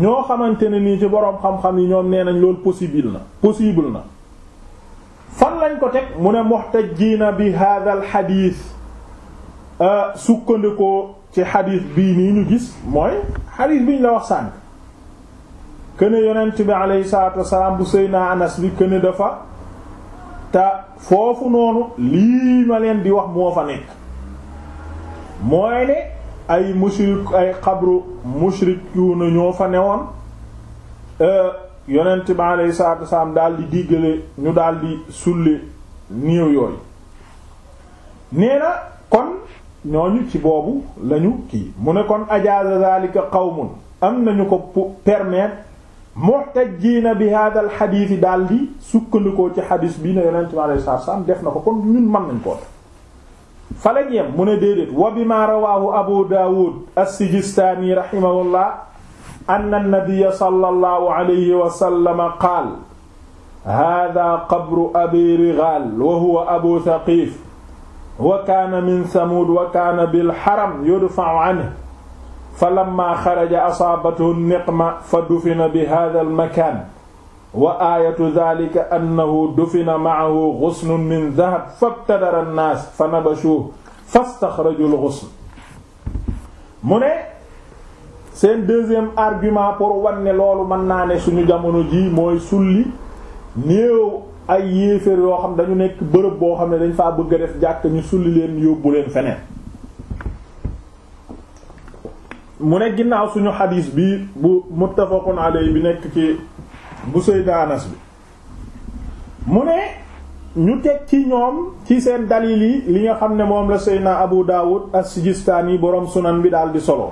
ñoo xamante ne nii ci boroom xam-xam yi ñoom nee nañ loolu possible na possible na fan lañ ko teg mu ne muxtajjiina bi haaza alxadiis euh, sukkandikoo ci xadiis bii nii ñu gis mooy xadiis bii ñu la wax sànk këne yonent bi alayhi salaatu wasalaam bu naa anas bi këne dafa te foofu noonu lii ma leen di wax moo fa nekk mooy ne ay mushrik ay xabru mushrik yu na ñoo fa newoon yonent bi alayhi salaatu wasalaam daal di diggale ñu daal di sulli néew yooyu nee na kon ñooñu ci boobu lañu kii mu ne kon ajaaza zalika qawmun am nañu ko permettre muhtajjiina bi hada al xadiis daal di sukkandikoo ci xadiis bi ne yonent bi alayhi salaatu salaam def na ko kon ñun mën nañ ko fa lañ yem mu ne déedéet wa bima rawaahu abu daawud as-sijistaani rahimahullah anna an-nabiyya sallallahu alayhi wa sallam qaala haadaa qabru abi righaal wa huwa abu thaqiif wa kaana min thamuud wa kaana bil haram yudfa'u anhu fa lamma xaraja asaabathu niqma fa dufina bi hada almakaan wa aayatu dalika annahu dufina maahu guslun min dahab fabtadara annaas fa nabashuuhu fastaxraju lgusl mu ne seen deuxième argument pour wan loolu mën naa ne suñu jamono ji mooy sulli néew ay yéeféer yoo xam dañu nekk bërëb boo xam ne dañ faa bëgg a def jàkk ñu sulli leen yóbbu leen feneen mu ne ginnaaw suñu xadiis bi bu muttafaqun alayhi bi nekk ci bu Seydina Anas bi mu ne ñu teg ci ñoom ci seen dalil yi li nga xam ne moom la Seydina Abu Dawud as-Sijistaani borom sunan bi daal di solo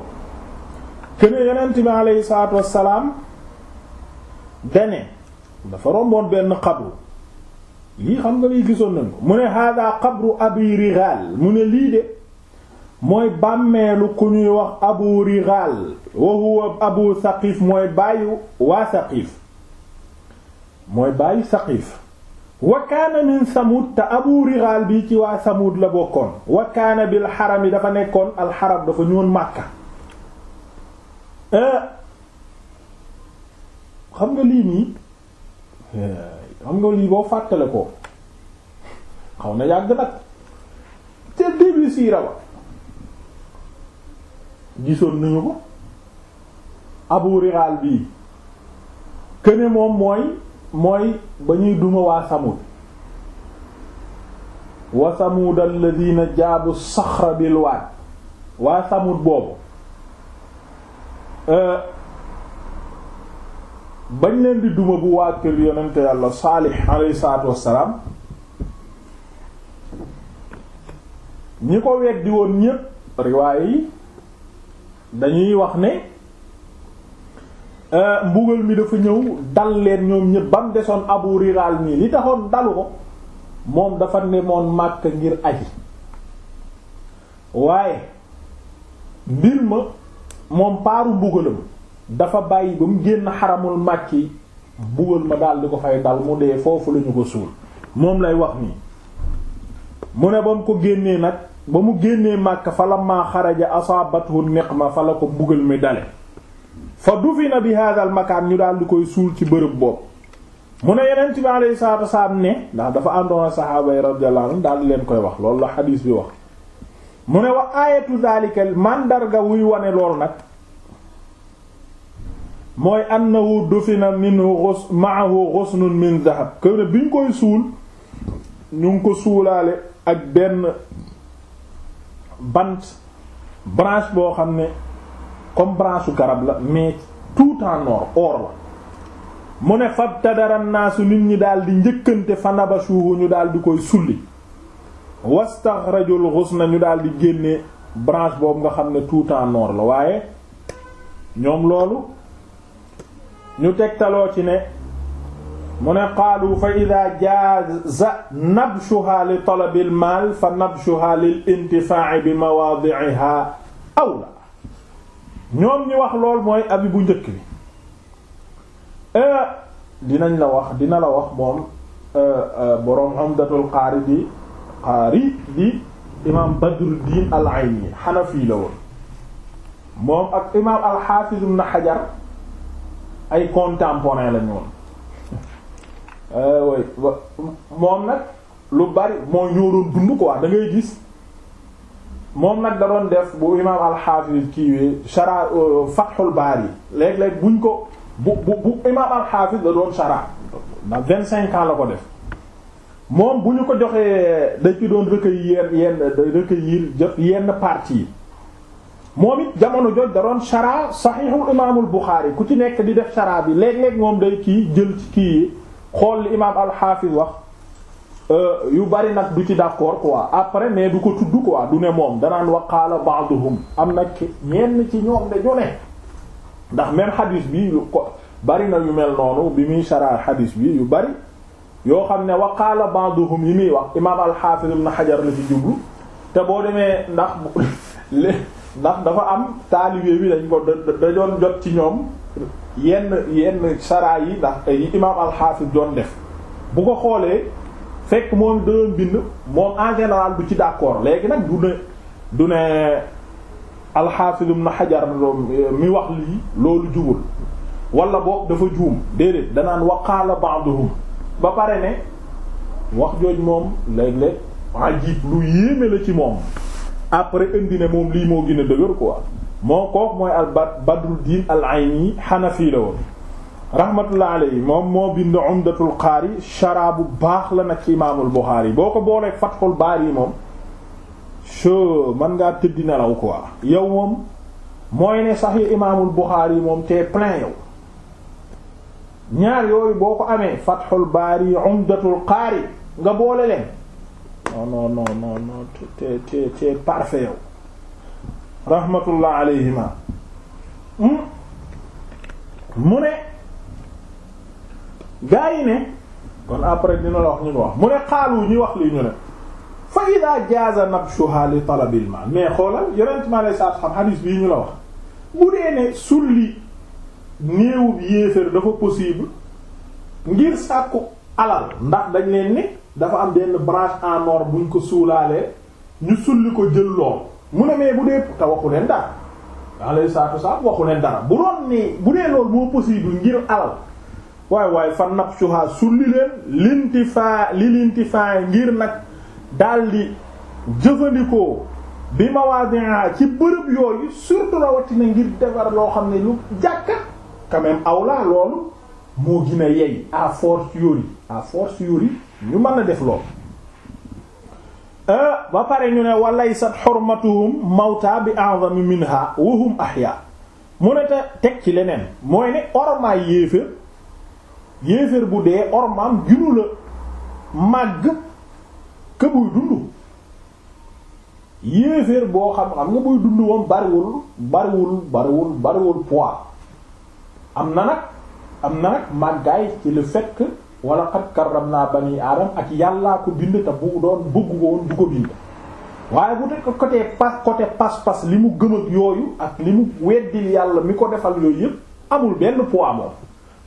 këne yonent bi aleyhi salaatu wassalaam dene dafa romboon benn xabru lii xam nga liy gisoon nañ ko mu ne hada xabru abi rigal mu ne lii de mooy bàmmeelu ku ñuy wax abu rigal wa huwa abu saqif mooy bàyyu waa saqif mooy bàyyu saqif wa kaana min samud te abu rigal bi ci waa samud la bokkoon wa bi bil xaram yi dafa nekkoon al alxaram dafa ñoon màkka eh, xam nga lii mi eh, xam nga lii boo fàttale ko xaw na yàgg nag te début siira ba gisoon nañu ko abu riral bii këne moom mooy mooy ba ñuy duma waa samud wa samud alladhina jaabu saxra bil waad waa samud boobu euh, bañ leen di duma bu waa kër yonente yàlla saalih alayhi salaatu ñi ko weddi woon ñépp riwaay yi dañuy wax ne euh, mbugal mi dafa ñëw dal leen ñoom ñëpp ba mu desoon abu riral nii li taxoon dalu ko moom dafa nemoon màkk ngir aji waaye mbir ma moom paaru mbugalam dafa bàyyi ba mu génn xaramul màkk yi mbugal ma daal di ko fay dal mu dee foofu lañu ko suul moom lay wax nii mu ne ba mu ko génnee nag ba mu génnee Makka fa lamma xaraja asaabathu niqma fa la ko mbugal mi dale fa dufina bi haadal makaan ñu daal di koy suul ci bërëb boobu mu ne yeneen bi alayhi ne ndax dafa àndoon ak saxaaba yi daal leen koy wax loolu la xadiis bi wax mu ne wa aayatu zaalika màndarga wuy wane lool nag mooy annahu dufina minhu ghus ma'ahu ghusnun min dhahab kër bi ñu koy suul ñu ngi ko suulaale ak benn bant branche boo xam ne comme branche garab la mais tout en or or la mu ne fabtadara naasu nit ñi daal di njëkkante fanabashuhu ñu daal di koy sulli wastakhrajul ghusna ñu daal di génne branche boobu nga xam ne tout en or la waaye ñoom loolu ñu tegtaloo ci ne mu ne qaalu fa ida jaaza nabshuha li talabi al maal fa nabshuha lil intifaa'i bi mawaadi'iha awla ñoom ñi wax lool mooy abi bu njëkk bi eh, dinañ la wax dina la wax moom eh, eh, boroom Umdatul Qaari di Qaari di imaam Badruddin al-Ayni Hanafi la woon moom ak imaam al-Hafiz ibn Hajar ay contemporains lañu woon Eh, way moom nag lu bari mooy ñoo doon dund quoi da ngay gis moom nag da doon def bu imaam alxaafis kiiwee shara euh, fathul baari léeg-léeg buñ ko bu bu bu imaam alxaafis da doon shara vingt cinq ans la ko def moom bu ñu ko joxee da ci doon recueillir yenn recueillir jot yenn partie moom it jamono joj da doon shara saxiixul imaamul buxaari ku ci nekk di def shara yi léeg-léeg moom day kii jël ci kii yi xool li imaam alxaafis wax euh, yu bari nag du ci d'accord quoi après mais du ko tudd quoi du ne moom danaan wa qaala ba'duhum am na ñenn ci ñoom dañu ne ndax même xadis bi yu ko bari na yu mel noonu bi muy saraal xadis bi yu bari yoo xam ne wa qaala ba'duhum yi muy wax imaam alxaafis ibn xajar la ci jublu te boo demee ndax <laughs> ndax dafa am taalibe bi dañ ko da doon jot ci ñoom yenn yenn saraa yi ndax yi imaam alxaafis doon def bu ko xoolee fekk moom da doon bind moom en général bu ci d'accord léegi nag du ne du ne alxaafis ibn xajar eh, mi wax lii loolu jubul walla boog dafa juum déedéet danaan waqaala ba'duhum ba pare ne wax jooj moom léeg-léeg ajib lu yéeme la ci moom après indi ne moom lii moo gin a dëgër quoi moom kooku mooy al Badruddin al Ayni xanafi la woon rahmatullah alayhi moom moo bind Umdatul Qaari chara bu baax la nag ci imaamul Buxaari boo ko booleeg Fathul Baari moom sure mën ngaa tëddi nelaw quoi yow moom mooy ne Sahih imaamul Buxaari moom te plein yow ñaar yooyu boo ko amee Fathul Baari Umdatul Qaari nga boole leen non non non non te te te parfait yow. rahmatullah alayhima hmm? mu ne gaa yi ne kon après dina la wax ñu wax mu ne xaalu ñi wax lii ñu ne fa ida jaaza nabshuha li talabil ma mais xoolal yonent ma lay saat xam hadis bii ñu la wax bu dee ne sulli néewub yéefér dafa possible ngir sàkku alal ndax dañ leen ne dafa am benn branche en or buñ ko suulaalee ñu sulli ko jël lool mu ne mais bu dee te waxu leen dara alayhi salaatu wasalaam waxu leen dara bu doon ni bu dee loolu moo possible ngir alal waaye waaye fan nabsuha sulli leen lintifaa li lintifaa ngir nag daldi jëfandikoo bi mawaadi'a ci bërëb yooyu surtout rawatina ngir defar loo xam ne lu jàkka quand même awla loolu moo gën a yey à fortiori à fortiori ñu mën a def loolu Euh, ba pare ñu ne walaysat xormatuhum mawta bi a'zami minha wa hum mu ne te teg ci leneen mooy ne ormaay yéeféer yéeféer bu dee ormaam ginu la màgg ke buy yéeféer boo xam xam nga buy dund woon bariwul bariwul bariwul bariwul am na nag am na nag màggaay ci le fait wala xat karram naa bani aadam ak yàllaa ko bind te bu doon bëgg ko woon du ko bind waaye bu dee côté pas côté pas-pas li mu gëm ak yooyu ak li mu weddil yàlla mi ko defal yooyu yëpp amul benn poids moom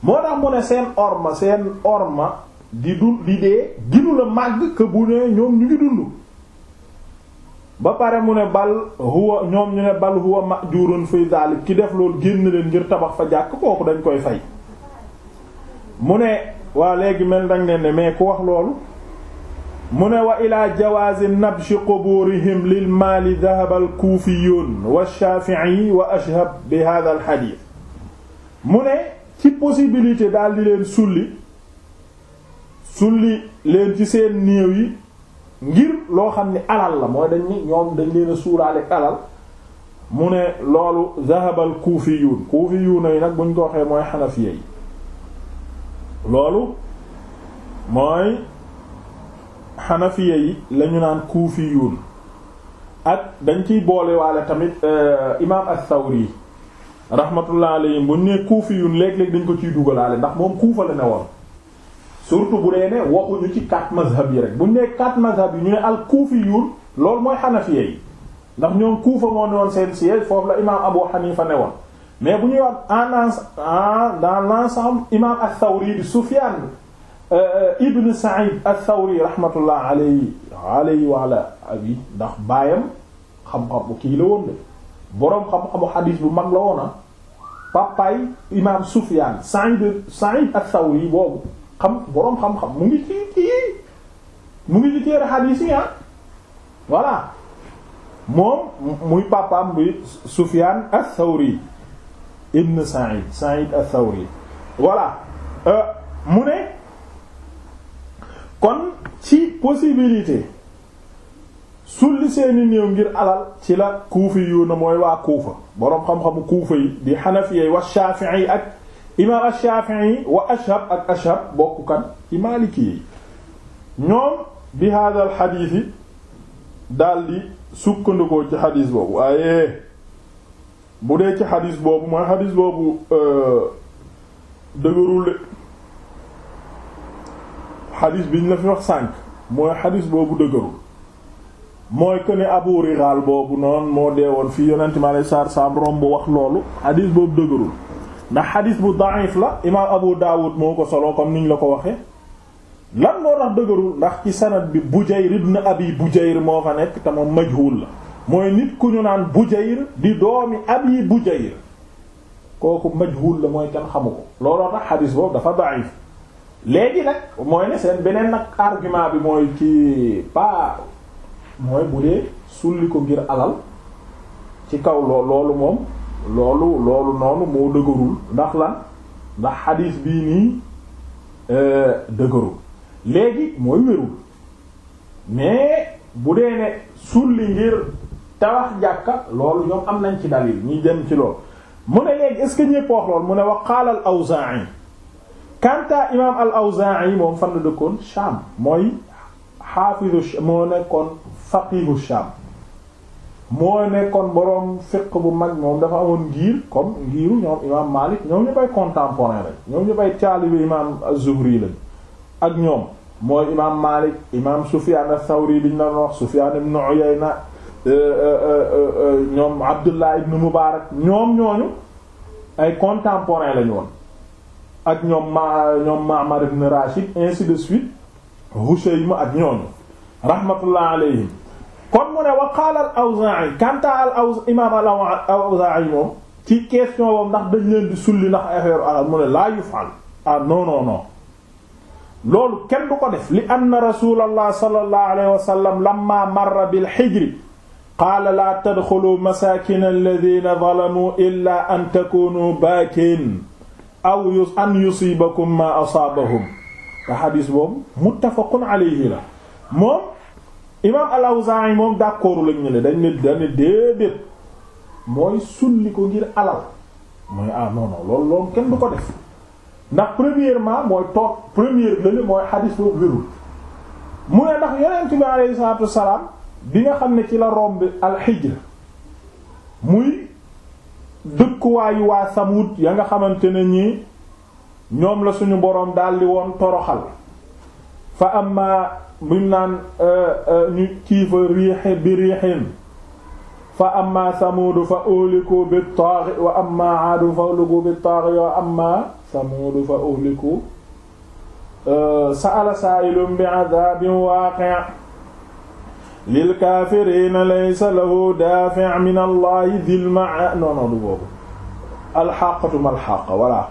moo tax mu ne seen orma seen orma di du di dee ginu la màgg que bu ne ñoom ñu ngi dund ba pare mu ne bal huwa ñoom ñu ne bal huwa majurun fiy dalik ki def lool génn leen ngir tabax fa jàkk kooku dañ koy fay mu ne waa léegi mel dang leen ne mais ku wax loolu mu ne wa ila jawaazi nabshi qubuurihim lil maali dahaba al kuufiyuun wa shaafi'i wa ashhab bi hadha al hadith mu ne ci possibilité daal di leen sulli sulli leen ci seen néew yi ngir loo xam ni alal la mooy dañ ni ñoom dañ leen a suuraale alal mu ne loolu dahaba al kuufiyuun kuufiyuuna yi nag buñ ko waxee mooy xanafiya yi loolu mooy xanafiya yi lañu naan kuufiyuun ak dañ ciy boole waale tamit euh, imaam as-Sawri rahmatullah alayhi bu ne kuufiyuun léeg-léeg dañ ko ciy dugalaale ndax moom kuufa la ne woon surtout bu dee ne waxuñu ci quatre mazhab yi rek ñu nee quatre mazhab yi ñu ne al kuufiyuun loolu mooy xanafiya yi ndax ñoom kuufa moo ne woon seen siège foofu la imaam Abu Hanifa ne woon mais bu ñuy wax en dans l'ensemble imam ath-Thawri bi Sufyan euh, euh, ibn Sa'id ath-Thawri rahmatullah alayhi alayhi wa ala abi ndax baayam xam-xam bu kii la woon de boroom xam-xamu xadiis bu mag la woon a ah. papaay imam Sufyan Sa'id Sa'id ath-Thawri boobu xam boroom xam-xam mu ngi ci kii mu ngi ci téere xadiis yi ah voilà moom muy papaam bi Sufyan ath-Thawri ibn Sa'id Sa'id al-Thawri voilà euh, mu ne kon ci possibilité sulli seeni néew ngir alal ci la kuufi yu na mooy waa kuufa boroom xam-xamu kuufa yi di xanafiyey wa shaafi'i ak imaam ash-shaafi'i wa ashhab ak ashhab bokk ci maaliki yi ñoom bi hadal xadiis yi sukkandikoo ci xadiis boobu waaye bu dee ci xadis boobu mooy xadis boobu euh, dëgërul de xadis bi ñu la fi wax sànq mooy xadis boobu dëgërul mooy que ne abu rigal boobu noonu moo deewoon fii yonent mi alayhi salaatu salaam bu wax loolu xadis boobu dëgërul ndax xadis bu da'if la imaam abu daawud moo ko solo comme ñu la ko waxee lan moo tax dëgërul ndax ci sanad bi bujayr na abi bujayr moo fa nekk te moom majhul la mooy nit ku ñu naan Bujayr di doomi Abi Bujayr kooku majhul la mooy kenn xamu ko looloo tax xadis boobu dafa da'if léegi nag mooy ne seen beneen nag argument bi mooy ci pas mooy bu dee sulli ko ngir alal ci kaw loo loolu moom loolu loolu noonu moo dëgërul ndax la ndax xadis bii nii euh, dëgërul léegi mooy wérul mais bu dee ne sulli ngir tabax jàkka loolu ñoom am nañ ci dalil ñuy dem ci loolu mu ne léegi est ce que ñépp wax loolu mu ne wa qaala al awzaa'i kanta imam al awzaa'i moom fan la dëkkoon Sham mooy xaafisu moo nekkoon faqiihu Sham moo nekkoon boroom fiq bu mag moom dafa amoon ngir comme ngiru ñoom imam Malik ñoom ñu bay contemporain lañ ñoom ñu bay taalibi imam az-Zuhri lañ ak ñoom mooy imam Malik imam Sufyan ath-Thawri biñ la wax Sufyan ibn Uyayna Euh, euh, euh, ñoom Abdullah ibn Mubarak ñoom ñooñu ay contemporains lañu woon ak ñoom ma ñoom Ma'mar ibn Rashid ainsi de suite Hushaym ak ñooñu rahmatullah alayhim kon mu ne wa qaala al-Awzaa'i kanta al-Awzaa'i imaam moom ci question boobu ndax dañ leen di sulli ndax affaire mu ne laa yufal ah loolu kenn du ko def li anna Rasuulullah sallallahu alayhi wa sallam lamma marra bil hijr qaala laa tadxulu masaakina alladina zalamuu illa an takunu baakin aw an yusiibakum maa asaabahum te xadis boobu muttafaqun alayhi la moom imaam al-Awzaa'i moom d'accord lañ ñu ne dañ ne dañ ne déedéet mooy sulli ko ngir alal mooy ah non non loolu loolu kenn du ko def ndax premièrement mooy toog première lële mooy xadis boobu wérul mu ne ndax yonent bi alayhi salaatu wassalaam bi nga xam ne ci la romb alxijr muy dëkkuwaayu waa Samud ya nga xamante ne ñi ñoom la suñu boroom daldi woon toroxal fa amma buñ naan euh, euh, ñu kii bi riixin fa amma Samudu fa uhliku bi taaxi wa amma Aadu fa uhliku bi taaxi wa amma Samudu fa euh, bi 'adabin waaqi' lil kaafiriina laysa lahu daafi' min allahi dil ma'a non non du boobu alxaqatu malxaqa voilà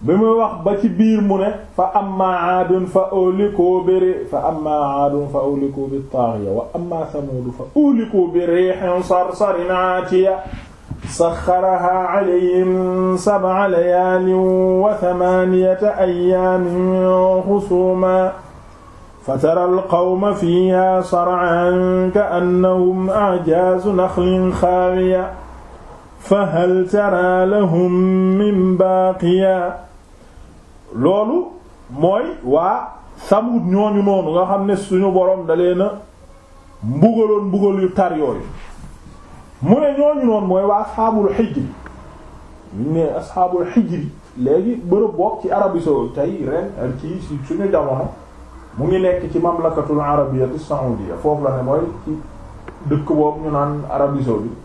bi muy wax ba ci biir mu ne fa amma aadun fa uhlikoo bi ri fa amma aadun fa uhlikoo bi taaxiya wa amma samuudu fa uhlikoo bi riixin sarsarin aatiya saxaraha alayhim sab'a layaalin wa thamaaniyata ayyaamin xusuuma fatara alqawma fiha sar'an ka'annahum a'jaazu naxlin xaawiya fahal tara lahum min baaqiya loolu mooy waa Samud ñooñu noonu nga xam ne suñu boroom dalee na mbugaloon mbugal yu tar yooyu mu ne ñooñu noonu mooy waa asxaabul xijri ñu ne asxaabul xijri léegi bërëb bokk ci Arabie saoudite tey ren ci suñu jamono mu ngi nekk ci mamlakatul arabiyatu saoudia foofu la ne mooy ci dëkk boobu ñu naan Arabie saoudite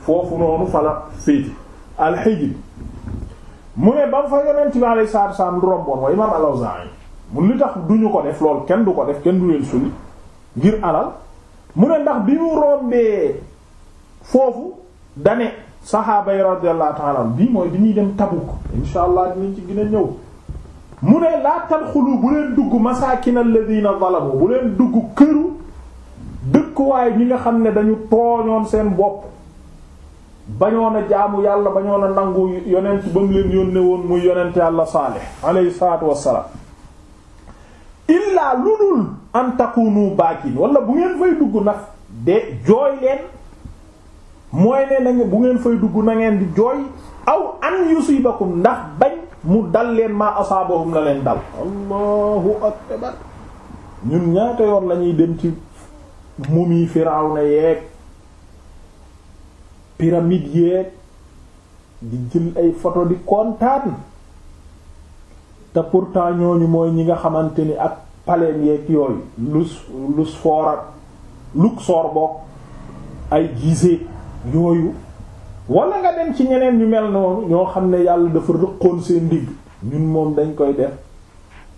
foofu noonu fala féeti alxijri mu ne ba mu fa yonent bi alayhi salaatu salaam lu romboon wa imam al-Awzaa'i mun li tax duñu ko def lool kenn du ko def kenn du leen suli ngir alal mu ne ndax bi mu rombee foofu dane saxaaba yi radiyallahu ta'ala bii mooy bi ñuy dem Tabuk insha allah dinañ ci gën a mu ne laa tadxulu bu leen dugg masaakin na zalamu bu leen dugg këru dëkkuwaay ñi nga xam ne dañu tooñoon seen bopp bañoon a jaamu yàlla bañoon a nangu yonent ba mu leen yónne woon muy yonent yàlla saalix alayhi salaatu wassalaam illaa lu dul an takunu baakin wala bu ngeen fay dugg nag de jooy leen mooy ne na bu ngeen fay dugg na ngeen di jooy aw an yusibakum ndax bañ mu dal leen maa asaabahum la leen dal allahu akbar ñun ñaata yoon lañuy dem ci mumii Firawna yeeg pyramide yeeg di jël ay photo di kontaan te pourtant ñooñu mooy ñi nga xamante ni ak palais yeeg yooyu lus lus foor ak soor boog ay gisee yooyu wala nga dem ci ñeneen ñu mel noonu ñoo xam ne yàlla dafa rëqoon seen digg ñun moom dañ koy def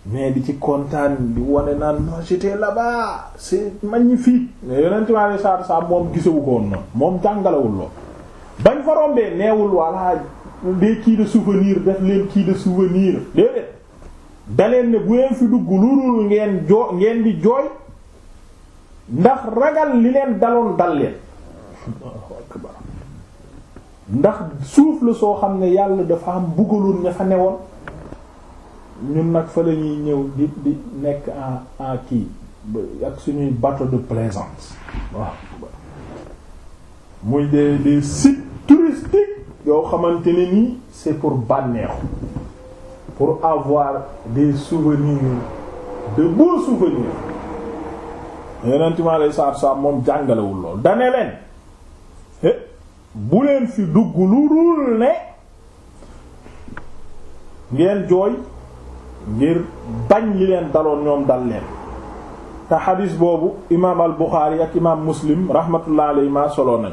mais di ci kontaan di wane naan non j'étais là mañ ñi magnifique mais yonent mi alei saatu salaam moom gisewu ko woon noonu moom jàngalewul lool bañ fa rombee neewul walla des kii de souvenir def leen kii de souvenir déedéet daleen ne bu leen fi dugg lu ngeen joo ngeen di jooy ndax ragal li leen daloon dal leen <laughs> ndax suuf la soo xam ne yàlla dafa am bugaloon ña fa newoon ñun nag fa la ñuy ñëw di di nekk en en kii ak suñuy bateau de plaisance waaw muy des des sites touristiques yoo xamante ne nii c'est pour bànneexu pour avoir des souvenirs de beaux souvenirs yeneen time lay saab saab moom jàngalewul lool dane eh, bu leen fi dugg lu dul ne ngeen jooy ngir bañ li leen daloon ñoom dal leen te xadis boobu imaam al buxaari ak imaam muslim rahmatullah alayhima solo nañ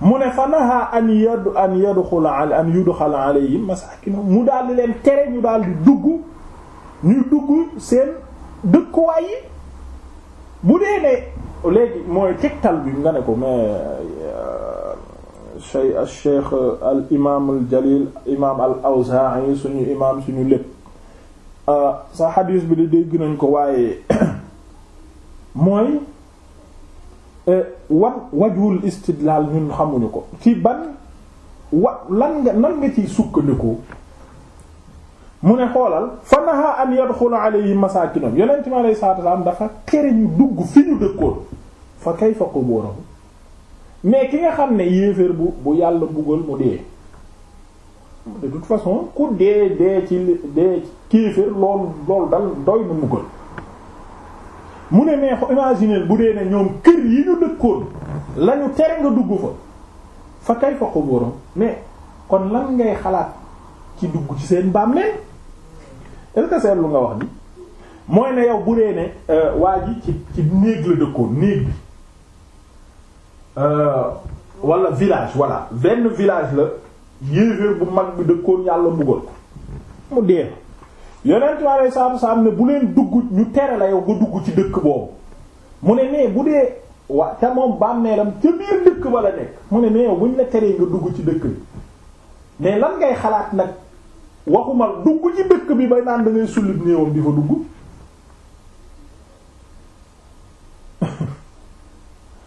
mu ne fa naha an yad an yadxula an yudxala alayhim masakinu mu daal leen tere ñu daal di dugg ñu dugg seen dëkkuwaay yi bu dee ne léegi mooy tegtal bi nga ne ko shay al sheikh al imaam al jalil imaam al awzaa'i suñu imaam suñu lépp ah, sa xadiis bi di dégg nañ ko waaye <coughs> mooy eh, wan wajhul istidlaal ñun xamuñu ko ci ban wa lan nga nan nga ciy sukkandiku mu ne xoolal fa naha an yadxula alayhi masaakinam yonent mi alayhi salaatu wa salaam dafa tere ñu dugg fi ñu dëkkoon fa kayfa quburuhum mais ki nga xam ne yéeféer bu bu yàlla buggal mu dee de toute façon ku dee dee ci dee kéeféer lool lool dal doy na muggal mu ne mais imaginer bu dee ne ñoom kër yi ñu dëkkoon lañu tere nga dugg fa fa kay fa xuburam mais kon lan ngay xalaat ci dugg ci seen mbaam leen est-ce que seetlu nga wax bi mooy ne yow bu dee ne euh, waa ji ci ci néeg la dëkkoon néeg bi Euh, wala village voilà benn village la yéeféer bu mag bi dëkkoon yàlla mbugal ko mu dee yonent bi alei salatu wasalaam ne bu leen dugg ñu tere la yow nga dugg ci dëkk boobu mu ne mais bu dee wa te moom bàmmeelam ca biir dëkk ba la nekk mu ne mais yow buñ la teree nga dugg ci dëkk bi mais lan ngay xalaat nag waxuma dugg ci dëkk bi bay naan da ngay sullib néewam di fa dugg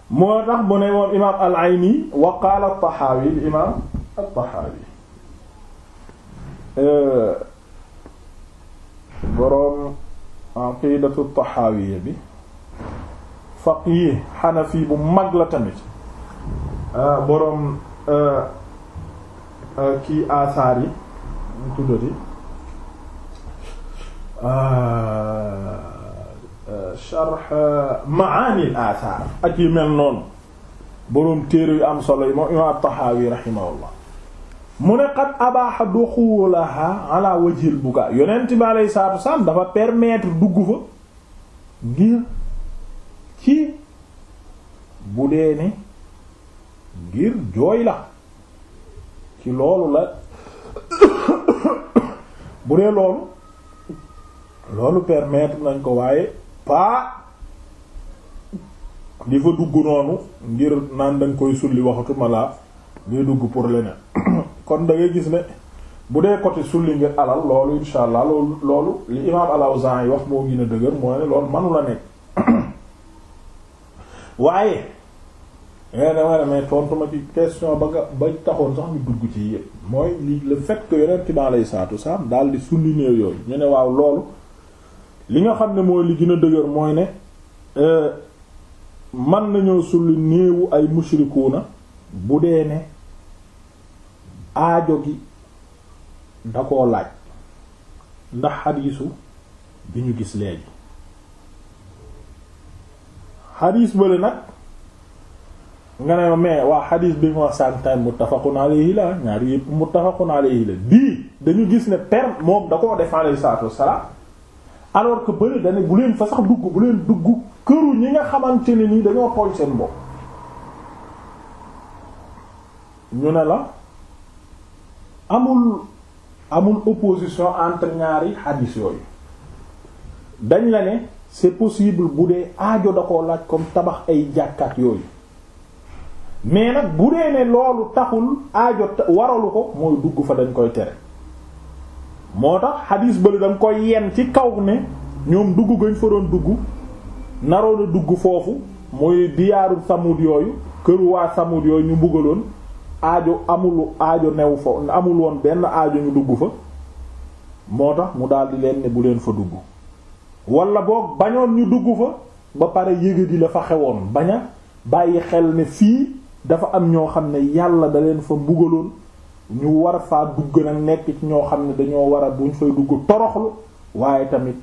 moo tax mu ne moom imaam al-Ayni wa qaala at-Tahawi li imaam at-Tahawi euh, boroom aqidatu at-Tahawiyya bi faqih xanafi bu mag la tamit euh, boroom euh, kii asaar yi ñu tuddati sharh euh, maani al-athar ak yi mel noonu boroom téere yu am solo yi moom imaam Tahawi rahimahullah mu ne qad abaaxa duxulaha ala wajhil buka yonent bi alayhi salaatu wasalaam dafa permettre dugg fa ngir ci bu dee ne ngir jooy la ci loolu la <coughs> bu dee loolu loolu permettre nañ ko waaye pas di fa dugg noonu ngir naan danga koy sulli waxatuma laa ngay dugg pour leneen <coughs> kon da ngay gis ne bu dee côté sulli ngir alal loolu insha allah loolu loolu li imaam al yi wax moo gën a dëgër mooy ne loolu manu la nekk <coughs> waaye nga eh, ne ma mais question ba nga ba taxoon sax mi dugg ci yépp mooy lii le fait que yonent bi alayhi salaatu wa salaam daal di sulli yooyu ñu ne waaw loolu li nga xam ne mooy li gën a dëgër mooy ne euh, man nañoo sul néewu ay na bu dee ne aajo gi da koo laaj ndax xadiisu bi ñu gis léegi xadiis bële nag nga ne mais waa xadiis bi nga wax sànqtime muttafaqun alayhi la ñaari yëpp muttafaqun alayhi la bii dañu gis ne per moom da koo def alayhi salaatu alors que bëri dane bu leen fa sax dugg bu leen dugg këru ñi nga xamante ne nii dañoo tooñ seen bopp ñu ne la amul amul opposition entre ñaari hadith yooyu dañ la ne c'est possible bu dee aajo da ko laaj comme tabax ay jàkkaat yooyu mais nag bu dee ne loolu taxul aajo waralu ko mooy dugg fa dañ koy tere moo tax xadiis bële da nga koy yenn ci kaw ne ñoom dugg gañ fa doon dugg naroon dugg foofu muy diyaaru samud yooyu kër waa samud yooyu ñu mbugaloon aajo amul aajo new fa amul woon benn aajo ñu dugg fa moo tax mu daldi leen ne bu leen fa dugg wala boog bañoon ñu dugg fa ba pare yëgadi la fa xewoon baña bàyyi xel ne fii dafa am ñoo xam ne yàlla daleen leen fa mbugaloon ñu war faa dugg nag nekk ci ñoo xam ne dañoo war a buñ fay dugg toroxlu waaye tamit